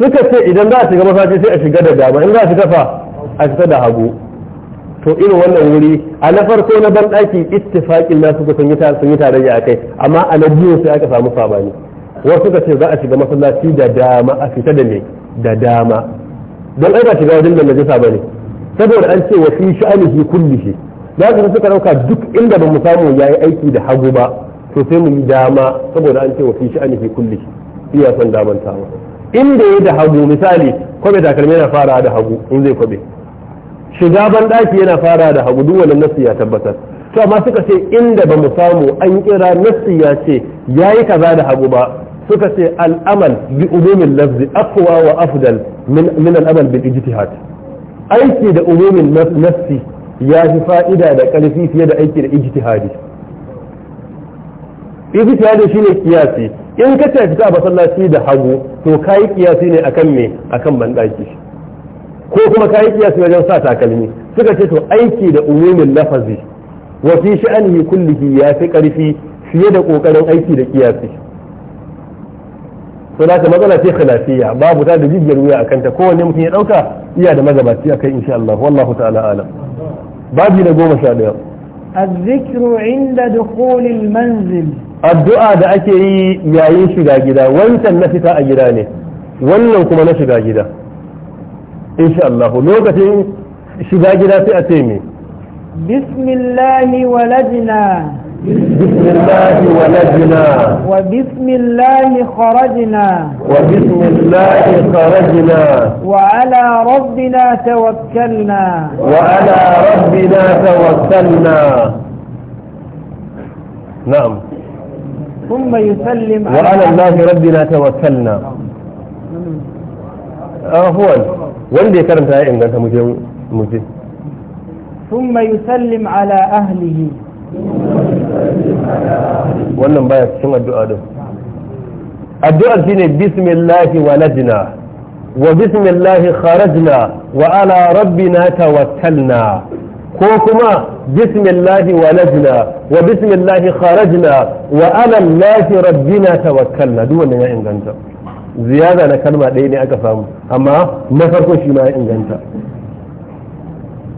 suka ce idan za a shiga masaji sai a shiga da dama in za a fita fa a fita da hagu to irin wannan wuri a na farko na ban daki ittifaqin na suka sun yi sun yi tarayya akai amma a na biyu sai aka samu sabani wasu suka ce za a shiga masallaci da dama a fita da me da dama don ai ba shiga wajen da ba bane saboda an ce wa fi sha'anihi shi za su suka dauka duk inda ba mu samu yayi aiki da hagu ba to sai mu yi dama saboda an ce wa fi sha'ani fi kulli iya son damantawa inda ya da hagu misali kwabe takalmi yana fara da hagu in zai kwabe shiga ban daki yana fara da hagu duk wannan nasu ya tabbatar to amma suka ce inda ba mu samu an kira nasu ya ce yayi kaza da hagu ba suka ce al'amal bi umumin lafzi aqwa wa afdal min al'amal bil ijtihad aiki da umumin nafsi ya fi fa'ida da ƙarfi fiye da aiki da ijtihadi shi shine kiyasi in ka ce fita masallaci da hagu to kai kiyasi ne akan me akan bandaki ko kuma kai kiyasi wajen sa takalmi suka ce to aiki da umumin lafazi wa fi sha'anihi kullihi ya fi karfi fiye da kokarin aiki da kiyasi to da matsala ce khilafiyya babu ta da jijiyar wuya akan ta kowanne mutum ya dauka iya da magabaci akai insha Allah wallahu ta'ala alam babu na goma sha daya الذكر عند دخول المنزل addu'a da ake yi yayin shiga gida wancan na fita a gida ne wannan kuma na shiga gida insha Allah lokacin shiga gida sai a ce me bismillahi walajna بسم الله ولدنا وبسم الله خرجنا وبسم الله خرجنا وعلى ربنا توكلنا وعلى ربنا توكلنا نعم ثم يسلم وعلى الله ربنا توكلنا عفوا wanda ya karanta ya inganta muje muje thumma ala wannan baya cikin addu'a din addu'a shine bismillahi waladna wa bismillahi kharajna wa ala rabbina tawakkalna ko kuma bismillahi walajna wa bismillahi kharajna wa ala allahi rabbina tawakkalna duk wannan ya inganta ziyada na kalma ɗaya ne aka samu amma na farko shi ma ya inganta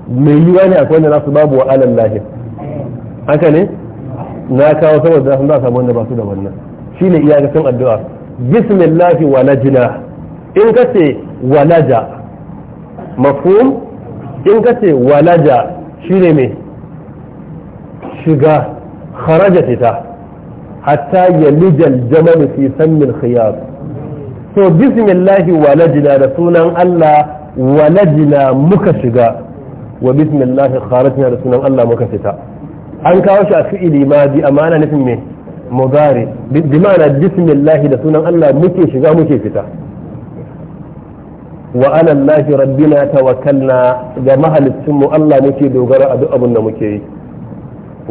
mai yiwa ne akwai wanda su babu wa ala allahi haka ne na kawo saboda sun za samu wanda ba su da wannan shine iyakacin addu'a bismillahi walajna in kace walaja mafhum in kace walaja shine mai shiga kharaja fita hatta yalijal jamal fi sammil khiyar so bismillahi walajina da sunan Allah walajina muka shiga wa bismillahi kharajna da sunan Allah muka fita an kawo shi a fi'ili madi amma ana nufin me mudari bi ma'ana bismillahi da sunan Allah muke shiga muke fita wa ala Allahi rabbina tawakkalna ga mahalicin mu Allah muke dogara a duk abin da muke yi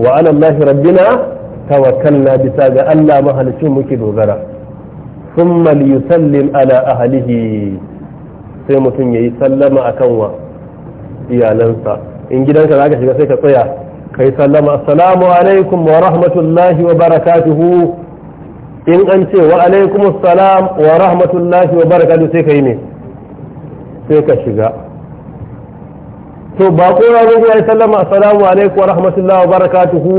wa ala Allahi rabbina tawakkalna bisa ga Allah mahalicin muke dogara thumma liyusallim ala ahlihi sai mutum yayi sallama akan wa iyalansa in gidanka zaka shiga sai ka tsaya kai sallama assalamu alaikum wa rahmatullahi wa barakatuhu in an ce wa alaikum assalam wa rahmatullahi wa barakatuhu sai kai ne sai ka shiga to ba ko ya zo ya sallama assalamu alaikum wa rahmatullahi wa barakatuhu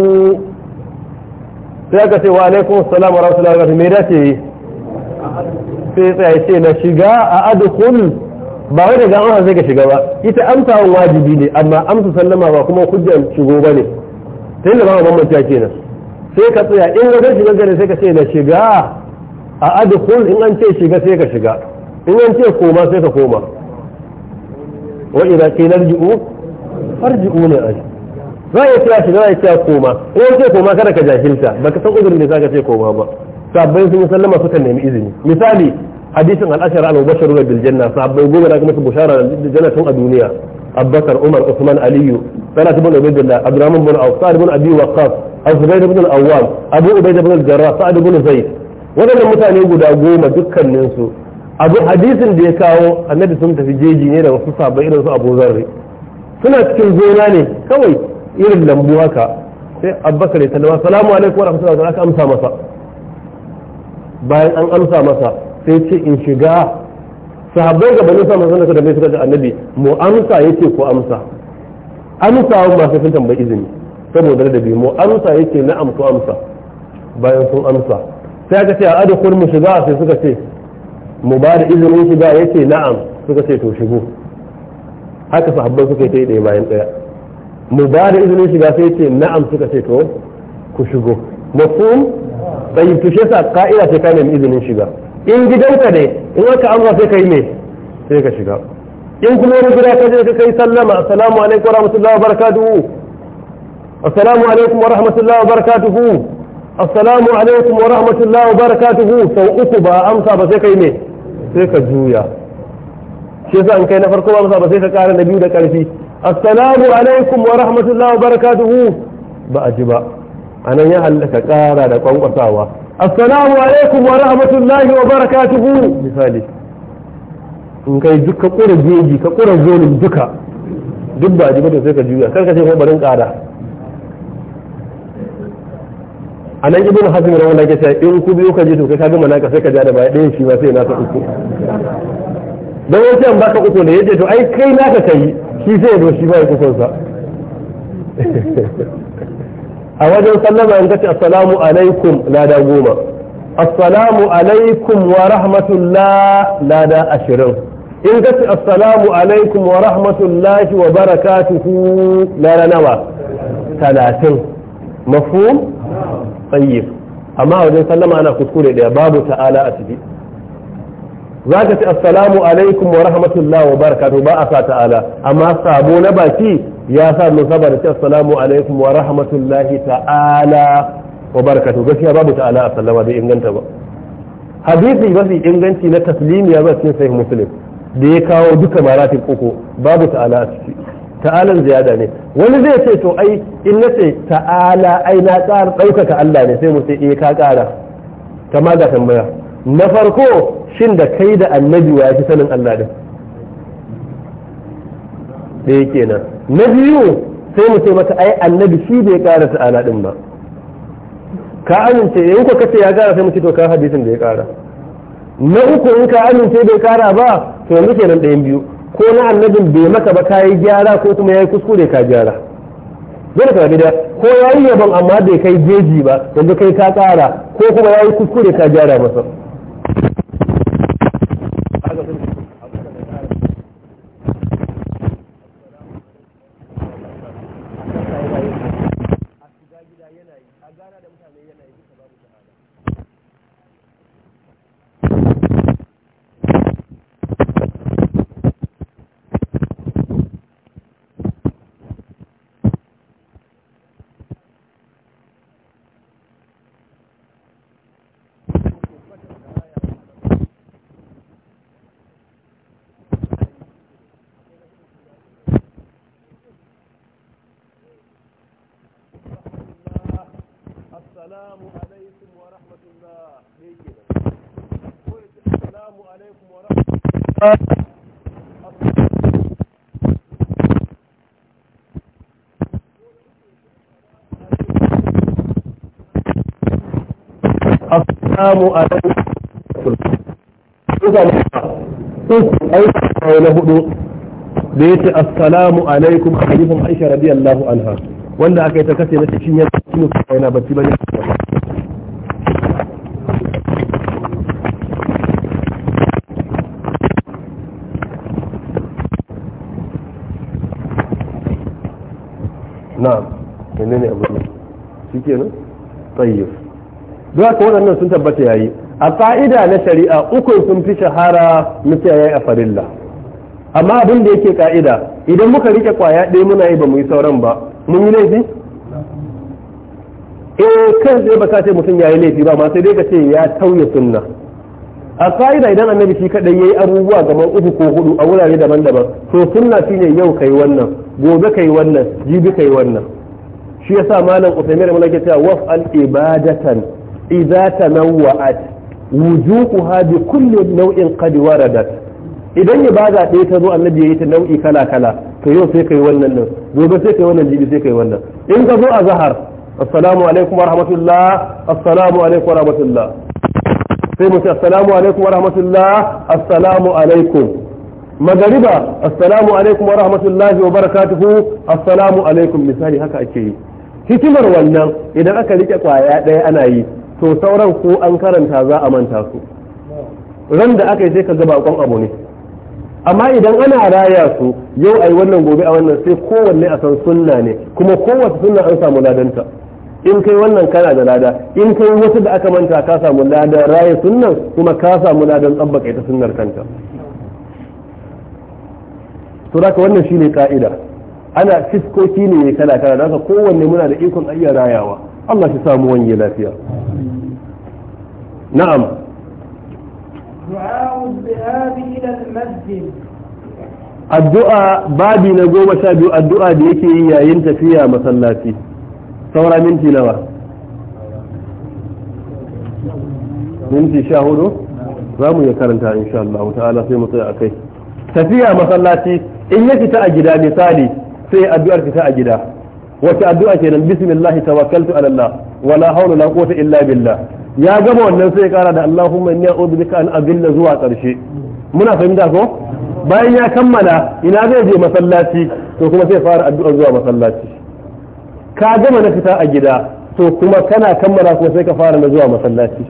sai ka ce wa alaikum assalamu wa rahmatullahi wa barakatuhu me dace ce sai tsaye ce na shiga a adkhul ba wai daga an zai ka shiga ba ita amsawan wajibi ne amma amsa sallama ba kuma hujjan shigo ba ne sai da ba mamanta kenan sai ka tsaya in ga shiga gare sai ka ce na shiga a adkhul in an ce shiga sai ka shiga in an ce koma sai ka koma wa idza qila irji'u farji'u ne ai za ya tsaya shiga ya tsaya koma in ce koma kada ka jahilta baka san uzurin ne zaka ce koma ba sabbai sun yi sallama suka nemi izini misali hadisin al-ashara al-mubashiru bil janna sabbai goma da kuma su bushara da jannatin a duniya abubakar umar usman aliyu salat ibn ubaydillah abdurrahman ibn auf sa'd ibn abi waqqas az-zubayr ibn al-awwam abu ubayd mutane guda goma dukkanin abu hadisin da ya kawo annabi sun tafi jeji ne da wasu sabai irin su abu zarri suna cikin gona ne kawai irin lambu haka sai abbakar ya sallama salamu alaikum wa rahmatullahi wa aka amsa masa bayan an amsa masa sai ce in shiga sahabbai ga bani masu suka da mai suka ga annabi mu amsa yace ko amsa amsa wa masu sun tambayi izini saboda da bi mu amsa ce na amsa amsa bayan sun amsa sai aka ce a adkhul mu shiga sai suka ce mu ba da izinin shiga yace na'am suka ce to shigo haka sahabban suka yi ɗaya bayan ɗaya mu ba da izinin shiga sai ce na'am suka ce to ku shigo mafhum bai tushe sa ka'ida ce ka nemi izinin shiga in gidanka ne in aka amsa sai kai ne sai ka shiga in kuma wani gida ka je ka kai sallama assalamu alaikum wa rahmatullahi wa barakatuhu assalamu alaikum wa rahmatullahi wa barakatuhu assalamu alaikum wa rahmatullahi wa barakatuhu sau uku ba amsa ba sai kai ne sai ka juya shi yasa an kai na farko amsa ba sai ka kara na biyu da karfi assalamu alaikum wa rahmatullahi wa barakatuhu ba a ji ba anan ya hallaka kara da kwankwasawa assalamu alaikum wa rahmatullahi wa barakatuhu misali in kai duk ka kura jeji ka kura zonin duka duk ba a ji ba sai ka juya kar ka ce kuma barin kara a nan ibn hazm ran wannan kace in ku biyo ka je to kai ka gama naka sai ka ja da baya ɗayan shi ba sai na ta uku dan wani an baka uku ne yace to ai kai naka kai shi sai zo shi ba ya kusan sa a wajen sallama in kace assalamu alaikum lada goma assalamu alaikum wa rahmatullah lada ashirin in kace assalamu alaikum wa rahmatullahi wa barakatuhu lada nawa talatin mafhum tsayyib amma wajen sallama ana kuskure daya babu ta'ala a ciki za ka ce assalamu alaikum wa rahmatullahi wa barakatu ba a sa ta'ala amma sabo na baki ya sa mun saba da ce assalamu alaikum wa rahmatullahi ta'ala wa barakatu gaskiya babu ta'ala a sallama bai inganta ba hadisi mafi inganci na taslimiya ba cikin sahih muslim da ya kawo duka maratin uku babu ta'ala a ciki ta'alan ziyada ne wani zai ce to ai in na ce ta'ala ai na ƙara ɗaukaka Allah ne sai mu ce eh ka ƙara ma ga tambaya na farko shin da kai da annabi wa fi sanin Allah din da yake nan na biyu sai mu ce mata ai annabi shi bai ƙara ta'ala din ba ka amince in ku kace ya ƙara sai mu ce to ka hadisin da ya ƙara na uku in ka amince bai ƙara ba to yanzu kenan ɗayan biyu ko na annabin bai maka ba ka yi gyara ko kuma ya yi kuskure ka gyara dole ka da ko ya yi yabon amma bai kai jeji ba yanzu kai ka tsara ko kuma ya yi kuskure ka gyara masa asamu alaikum hudu da yace assalamu alaikum hadithu aisha radiyallahu anha wanda aka yi ta kace na cikin yana ba kaina bacci ba kenan don haka waɗannan sun tabbata yayi a fa'ida na shari'a uku sun fi shahara muke yayi a farilla amma abin da yake ka'ida idan muka rike kwaya ɗaya muna yi ba mu yi sauran ba mun yi laifi e kan sai baka ce mutum ya yi laifi ba ma sai dai ka ce ya tauye sunna a fa'ida idan annabi shi ya yi abubuwa gaban uku ko hudu a wurare daban-daban to shi ne yau kai wannan gobe kai wannan jibi kai wannan shi yasa malam Uthaymeen mun yake cewa waf al ibadatan idza tanawwa'at wujuhuha bi kulli naw'in qad waradat idan ibada ɗaya ta zo annabi yayi ta nau'i kala kala to yau sai kai wannan nan gobe sai kai wannan jibi sai kai wannan in ka zo a zahar assalamu alaikum wa rahmatullah assalamu alaikum wa rahmatullah sai mu ce assalamu alaikum wa rahmatullah assalamu alaikum magariba assalamu alaikum wa rahmatullahi wa barakatuhu assalamu alaikum misali haka ake yi hikimar wannan idan aka rike kwaya ɗaya ana yi to sauran ko an karanta za a manta su ran da aka yi sai ka ga bakon abu ne amma idan ana raya su yau yi wannan gobe a wannan sai kowanne a san sunna ne kuma kowace sunna an samu ladanta in kai wannan kana da lada in kai wasu da aka manta ka samu ladan raya sunnan kuma ka samu ladan tsabbaka ita sunnar kanta to ka wannan shine ka'ida ana fiskoki ne kala kala da kowanne muna da ikon ayya rayawa Allah shi samu wani lafiya na'am addu'a babi na goma sha biyu addu'a da yake yi yayin tafiya masallaci saura minti nawa minti sha hudu za mu iya karanta insha Allah ta'ala sai mu tsaya kai. tafiya masallaci in ya fita a gida misali sai addu'ar fita a gida wata addu'a kenan bismillah tawakkaltu ala Allah wala hawla la quwwata illa billah ya gama wannan sai ya kara da Allahumma inni a'udhu bika an adilla zuwa karshe muna fahimta ko bayan ya kammala ina zai je masallaci to kuma sai fara addu'a zuwa masallaci ka gama na fita a gida to kuma kana kammala kuma sai ka fara na zuwa masallaci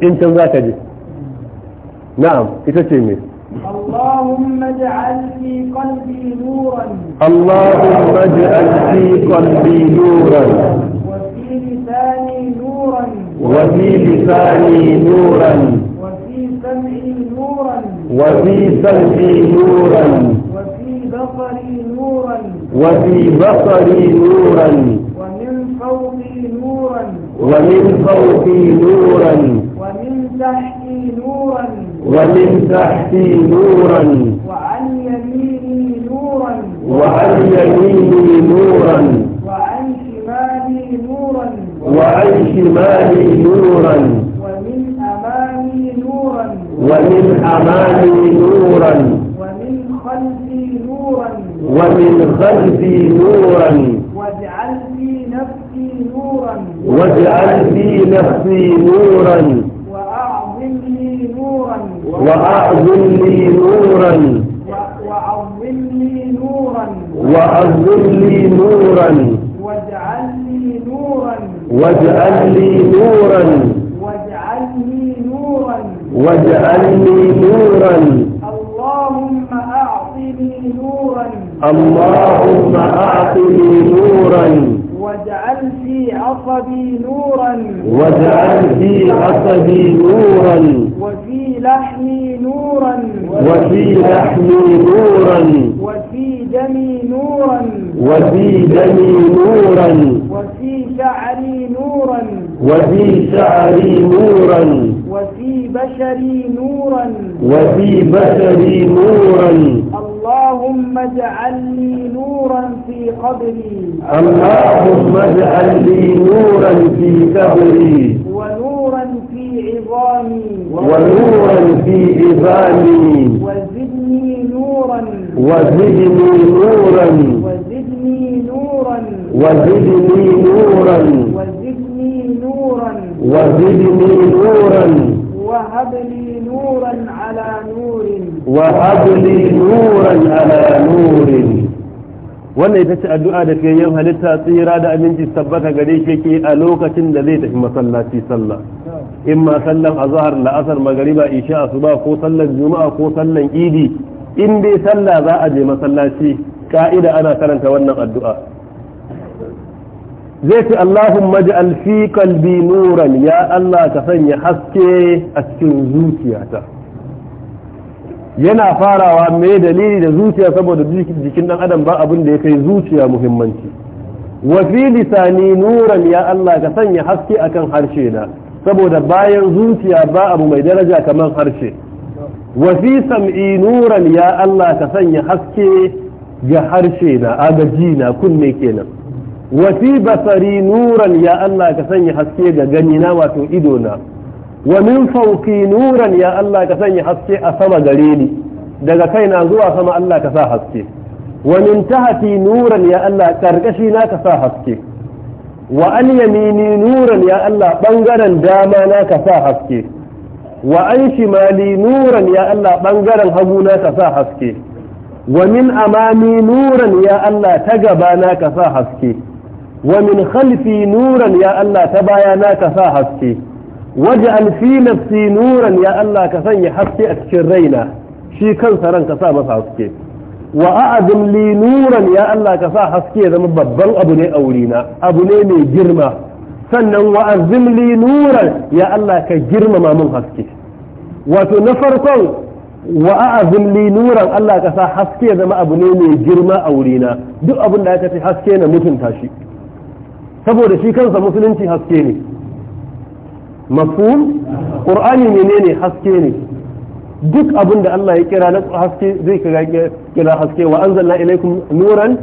in can za ka je na'am ita ce me اللهم اجعل في قلبي نورا اللهم اجعل في قلبي نورا وفي لساني نورا وفي لساني نورا وفي سمعي نورا وفي سمعي نورا وفي بصري نورا وفي بصري نورا ومن فوقي نورا ومن فوقي نورا ومن تحتي نورا ومن تحتي نورا وعن يميني نورا وعن يميني نورا وعن شمالي نورا وعن شمالي نورا ومن أمامي نورا ومن خلفي نورا ومن خلفي نورا واجعل في نفسي نورا واجعل في نفسي نورا وأعظم لي نورا وأعظم لي نورا واجعل لي نورا واجعل لي نورا واجعل لي نورا اللهم أعطني نورا اللهم أعطني نورا واجعل في عصبي نورا واجعل في عصبي نورا وفي لحمي نورا وفي لحمي نورا وفي دمي نورا وفي دمي نورا وفي شعري نورا وفي شعري نورا وفي بشري نورا وفي بشري نورا اللهم اجعلني نورا في قبري اللهم اجعل لي نورا في قبري ونورا في عظامي ونورا في عظامي وزدني نورا وزدني نورا وزدني نورا وزدني نورا وزدني نورا وهب لي نورا wannan ita ce addu'a da ke yin halitta tsira da aminci tabbata gare shi yake a lokacin da zai tafi masallaci sallah in ma sallan azhar la'asar magariba isha asuba ko sallan juma'a ko sallar idi in dai sallah za a je masallaci ƙa'ida ana karanta wannan addu'a zai ce Allahumma ji fi kalbi nuran ya Allah ka sanya haske a cikin zuciyata yana farawa mai dalili da zuciya saboda jikin dan adam ba abin da ya kai zuciya muhimmanci wa fi lisani nuran ya Allah ka sanya haske akan harshe na saboda bayan zuciya ba abu mai daraja kamar harshe wa fi sam'i nuran ya Allah ka sanya haske ga harshe na agaji na kunne kenan wa basari nuran ya Allah ka sanya haske ga gani na wato ido na wa min fawqi nuran ya Allah ka sanya haske a sama gare ni daga kaina zuwa sama Allah ka sa haske wa min tahti nuran ya Allah karkashi na ka sa haske wa an yamini nuran ya Allah bangaren dama na ka sa haske wa an shimali nuran ya Allah bangaren hagu na ka sa haske wa min amami nuran ya Allah ta gaba na ka sa haske wa min khalfi nuran ya Allah ta baya na kasa sa haske waj'al fi nafsi nuran ya Allah ka sanya haske a cikin raina shi kansa ran ka sa masa haske wa a'adim nuran ya Allah ka sa haske zama babban abu ne a wurina abu ne mai girma sannan wa azim nuran ya Allah ka girmama mun haske wato na farkon wa a'azim nuran Allah ka sa haske zama abu ne mai girma a wurina duk abin da aka ce haske na mutunta shi saboda shi kansa musulunci haske ne mafhum qur'ani menene haske ne duk abin da Allah ya kira na haske zai kira kira haske wa anzalna ilaikum nuran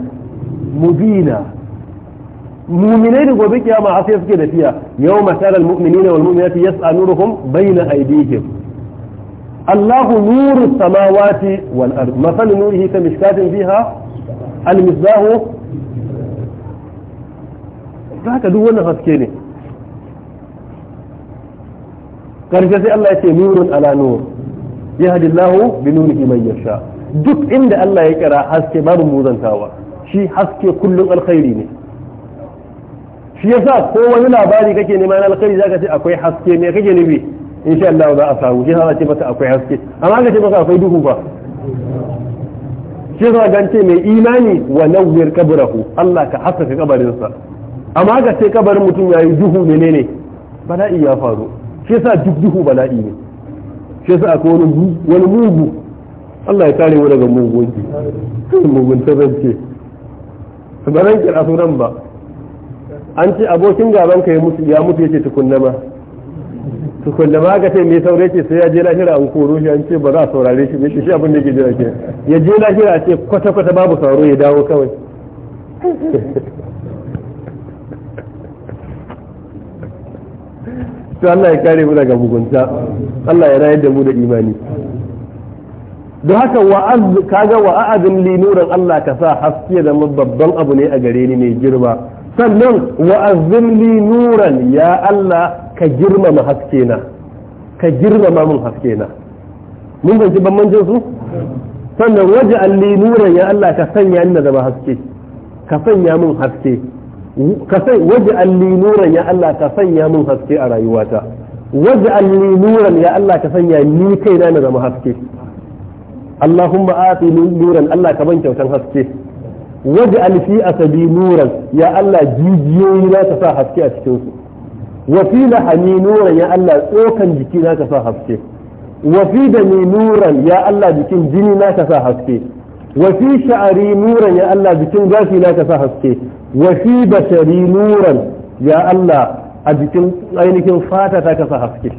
mubina mu'minai da gobe kiyama a sai suke tafiya yawma taral mu'minina wal mu'minati yas'a nuruhum bayna aydihim الله نور السماوات والأرض مثل نوره كمشكاة فيها المصباح ta haka duk wannan haske ne karshe sai Allah ya ce nurun ala nur yahdillahu bi nurihi man yasha duk inda Allah ya kira haske babu muzantawa shi haske kullun alkhairi ne shi yasa ko wani labari kake nema na alkhairi zaka ce akwai haske me kake nufi insha Allah za a samu shi yasa ce maka akwai haske amma kace ce maka akwai duhu ba shi yasa gance mai imani wa nawwir kabrahu Allah ka haska kabarinsa amma ga sai kabarin mutum yayi duhu menene bala'i ya faru shi yasa duk duhu bala'i ne shi yasa akwai wani wani mugu Allah ya kare mu daga mugun mugun ta zance ba kira sunan ba an ce abokin gaban ka ya mutu ya mutu yace tukunna ba tukunna ba ga sai me saurayi ce sai ya je lahira an koro shi an ce ba za a saurare shi ne shi abin da yake jira ke ya je lahira ce kwata kwata babu sauro ya dawo kawai to Allah ya kare mu daga mugunta Allah ya rayar da mu da imani don haka wa'az kaga wa'azin li nuran Allah ka sa haske da babban abu ne a gare ni mai girma sannan wa'azin li nuran ya Allah ka girmama haske na ka girmama mun haske na mun ban bambancin su sannan waje li nuran ya Allah ka sanya ni na zama haske ka sanya mun haske ka sai waje alli ya Allah ka sanya mun haske a rayuwata waje alli ya Allah ka sanya ni kaina na zama haske Allahumma ati nuran Allah ka ban kyautan haske waje fi asabi nuran ya Allah jijiyoyi na ka sa haske a cikin su wa fi lahani nuran ya Allah tsokan jiki na ka sa haske wa fi da nuran ya Allah jikin jini na ka sa haske wa fi sha'ari nuran ya Allah jikin gashi na ka haske wa fi bashari nuran ya Allah a jikin ainihin fata ta ka sa haske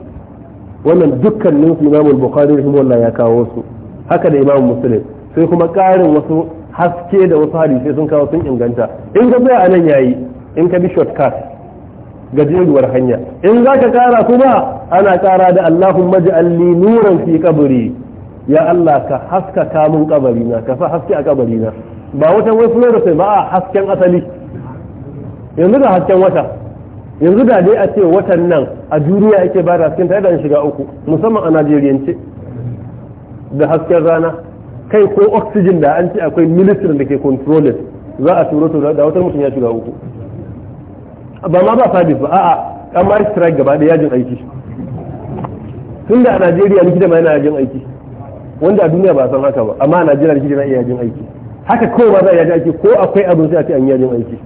wannan dukkanin su Imam Bukhari rahimahullah ya kawo su haka da Imam Muslim sai kuma karin wasu haske da wasu hadisi sun kawo sun inganta in ka tsaya anan yayi in ka bi shortcut gajeruwar hanya in za ka kara ba ana kara da allahumma ja'alli nuran fi kabri ya Allah ka haska kamun kabarina ka fa haske a kabarina ba wata wai fluorescent ba a hasken asali yanzu da hasken wata yanzu da dai a ce watan nan a duniya ake ba da hasken tare da shiga uku musamman a najeriyance da hasken rana kai ko oxygen da an ce akwai ministry da ke controlling za a turo to da wata mutum ya shiga uku ba ma ba sabis ba a'a an ma strike gaba da yajin aiki tun da a najeriya likita ma yana yajin aiki wanda a duniya ba a san haka ba amma a najeriya da na iya yajin aiki haka kawai ba za a yajin aiki ko akwai abin sai a ce an yajin aiki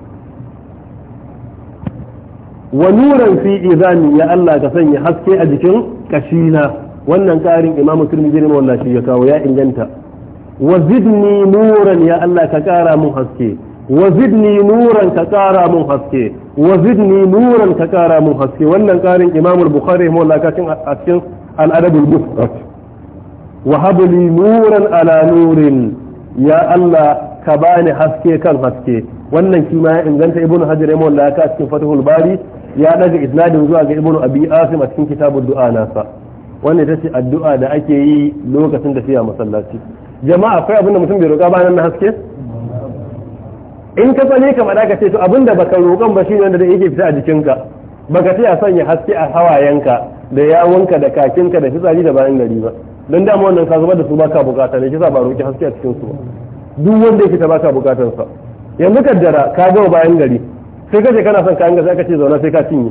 wa nuran fi izami ya Allah ka sanya haske a jikin kashina wannan karin imamu tirmidhi ne wannan shi ya kawo ya inganta wa zidni nuran ya Allah ka kara mun haske wa zidni nuran ka kara mun haske wa zidni nuran ka kara mun haske wannan karin imamu bukhari ne wallahi ka cikin bukhari wa habli nuran ala nurin ya Allah ka bani haske kan haske wannan kima ya inganta ibnu hajar yamma wanda aka cikin fathul bari ya daga isnadin zuwa ga ibnu abi asim a cikin kitabud du'a nasa wannan ita ce addu'a da ake yi lokacin da siya masallaci jama'a akwai abin mutum bai roƙa ba nan na haske in ka sani ka madaka ce to abin da baka roƙon ba shine wanda yake fita a jikinka baka sai a sanya haske a hawayenka da yawonka da kakinka da fitsari da bayan gari ba don dama wannan ka zubar da su baka bukata ne kisa ba roki haske a cikin su duk wanda yake ta baka bukatar sa yanzu kaddara ka gama bayan gari sai kace kana son kayan gari sai ce zauna sai ka cinye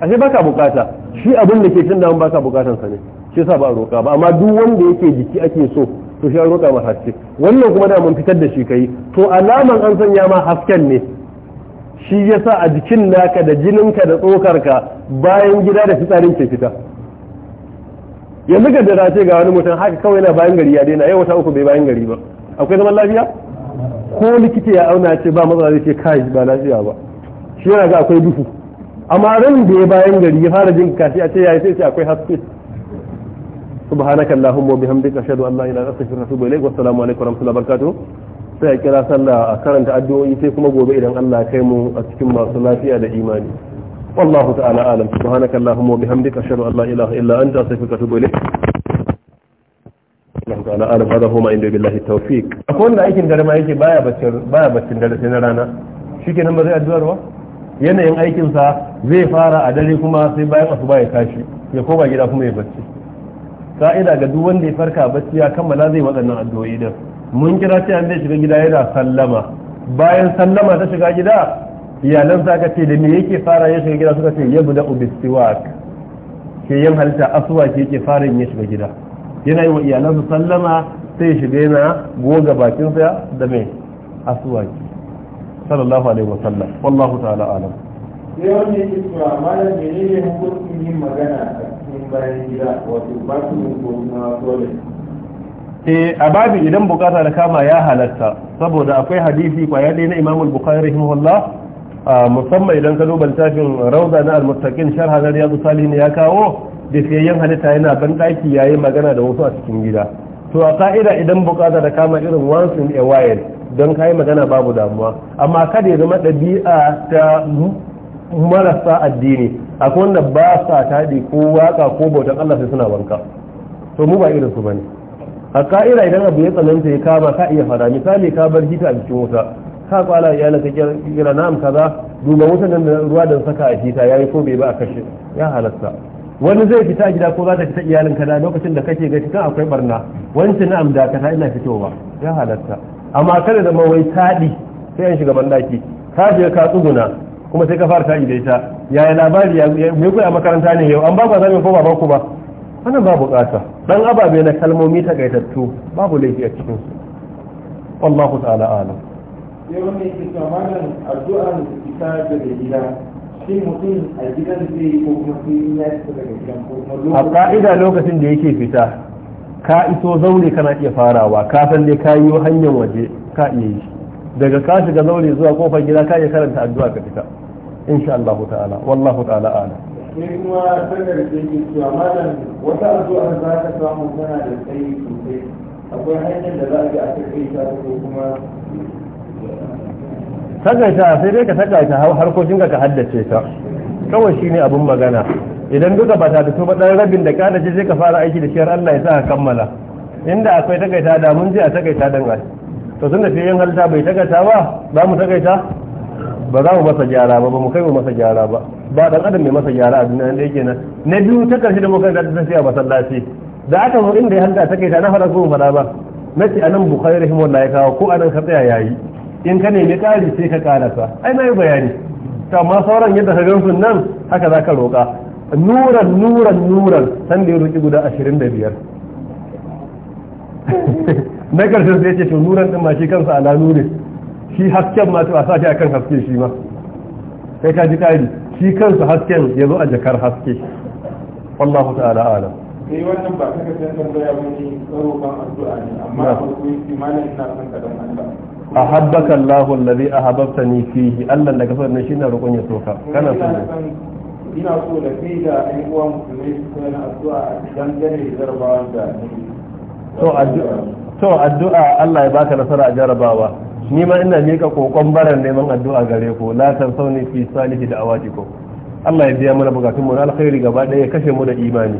ashe baka bukata shi abin da ke cin da baka bukatar sa ne shi sa ba roka ba amma duk wanda yake jiki ake so to shi ya roka ma haske wannan kuma da mun fitar da shi kai to alaman an sanya ma hasken ne shi ya sa a jikin naka da jininka da tsokarka bayan gida da fitsarin ke fita yanzu ga da ce ga wani mutum haka kawai yana bayan gari ya daina yau wata uku bai bayan gari ba akwai zaman lafiya ko likita ya auna ce ba matsala zai ce kai ba lafiya ba shi yana ga akwai duhu amma ran da ya bayan gari ya fara jin kashi a ce yayi sai ce akwai haske subhanakallahumma wa bihamdika ashhadu an la ilaha illa anta astaghfiruka wa atubu ilaik wa assalamu alaikum wa rahmatullahi wa barakatuh sai a kira sallah a karanta addu'o'i sai kuma gobe idan Allah ya kai mu a cikin masu lafiya da imani wallahu ta'ala alam subhanaka allahumma wa bihamdika ashhadu an la ilaha illa anta astaghfiruka wa atubu ilayk Allah ta'ala alam hada huma inda billahi tawfiq akwai wanda aikin da ma yake baya baccin baya baccin dare sai na rana shikenan ba zai addu'ar ba yanayin aikin sa zai fara a dare kuma sai bayan asuba ya tashi ya koma gida kuma ya bacci Sa'ida ga duk wanda ya farka bacci ya kammala zai yi waɗannan addu'o'i din mun kira sai an zai shiga gida yana sallama bayan sallama ta shiga gida iyalan sa ka ce da me yake fara ya shiga gida suka ce yabda ubisiwak ke yin halitta asuwa ke yake fara ya shiga gida yana yi wa su sallama sai ya shiga yana goga bakin sa da me asuwa sallallahu alaihi wa sallam wallahu ta'ala alam sai wanda yake cewa malam ne hukuncin yin magana a cikin bayan gida wato bathroom ko kuma dole. eh a babu idan bukata da kama ya halatta saboda akwai hadisi kwaya ɗaya na imamul bukhari rahimahullah musamman idan ka duba littafin rauza na almustaqin sharha na riyadu salihin ya kawo da fiyayyen halitta yana ban daki yayi magana da wasu a cikin gida to a ka'ida idan bukata da kama irin once in a while don kayi magana babu damuwa amma kada ya zama ɗabi'a ta marasa addini akwai wanda ba sa taɗi ko waka ko bautan Allah sai suna wanka to mu ba irin su bane a ka'ira idan abu ya tsananta ya kama ka iya fara misali ka bar hita a cikin wuta ka kwala iyala ka kira na'am kaza duba wuta nan da ruwa da saka a hita yayi ko bai ba a kashe ya halatta wani zai fita gida ko za ta fita iyalin ka da lokacin da kake gashi kan akwai barna wancan na'am da ka ina fitowa ya halatta amma kada da mawai taɗi sai an shiga banɗaki ka je ka tsuguna kuma sai ka fara taɗi da ita yaya labari ya me a makaranta ne yau an ba ku azamin ko ba ba ku ba wani ba bukata dan ababe na kalmomi gaitattu babu laifi a cikin su wallahu ta'ala alam sai wanda yake cewa addu'a da fita daga gida shi mutum a gidan zai yi ko kuma sai ya fita daga gidan ko kuma a ka'ida lokacin da yake fita ka iso zaure kana iya farawa ka san dai ka yi hanyar waje ka iya yi daga ka shiga zaure zuwa kofar gida ka iya karanta addu'a ka fita insha Allah ta'ala wallahu ta'ala alam sai kuma sanar da yake cewa malam wata addu'ar za ka samu tana da tsayi sosai akwai hanyar da za a ga a kai takaita ko kuma takaita sai dai ka takaita harkokin ka haddace ta kawai shine abun magana idan duka ba ta fito ba dan rabin da ka ce sai ka fara aiki da shi har Allah ya sa ka kammala inda akwai takaita da mun je a takaita dan ai to tunda fiye yin halta bai takaita ba ba mu takaita ba za mu masa gyara ba ba mu kai mu masa gyara ba ba dan adam mai masa gyara a duniya da yake na biyu ta karshe da muka da ta a masallaci da aka zo inda ya hanta ta kai ta na fara zuwa fada ba na ce anan bukhari rahimahullahi ya ko anan ka tsaya yayi in ka nemi kari sai ka karasa ai na yi bayani to amma sauran yadda ka gansu nan haka za ka roƙa nuran nuran nuran san da ya roƙi guda ashirin da biyar na karshen sai ya ce to nuran din ma shi kansa ala nurin shi hasken ma to a sa shi akan haske shi ma sai ka ji kari shi kansu hasken ya zo a jakar haske wallahu ta'ala alam sai eh, wannan ba kaka san tambaya ba ne roƙon addu'a ne amma akwai imanin ina son ka dan Allah ahabbaka Allah alladhi ni fi, Allah daga sanin shi na roƙon ya soka kana son ina so da fi da ɗan uwa musulmai su na addu'a dangane da zarbawa da to addu'a to addu'a Allah ya baka nasara a jarabawa ni ma ina mika kokon baran neman addu'a gare ku la tansawni fi salihi da awatikum Allah ya biya mana bukatun mu na alkhairi gaba ɗaya ya kashe mu da imani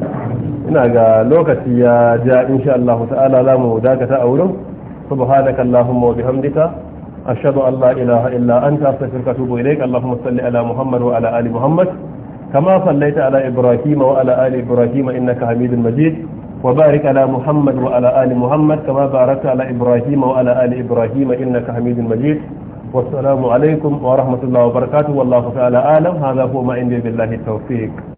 ina ga lokaci ya ja insha Allah ta'ala la mu dakata a wurin subhanaka allahumma wa bihamdika ashhadu an la ilaha illa anta astaghfiruka wa atubu ilaik allahumma salli ala muhammad wa ala ali muhammad كما صليت على إبراهيم وعلى آل إبراهيم إنك حميد مجيد وبارك على محمد وعلى آل محمد كما باركت على إبراهيم وعلى آل إبراهيم إنك حميد مجيد والسلام عليكم ورحمة الله وبركاته والله تعالى أعلم هذا هو ما عندي بالله التوفيق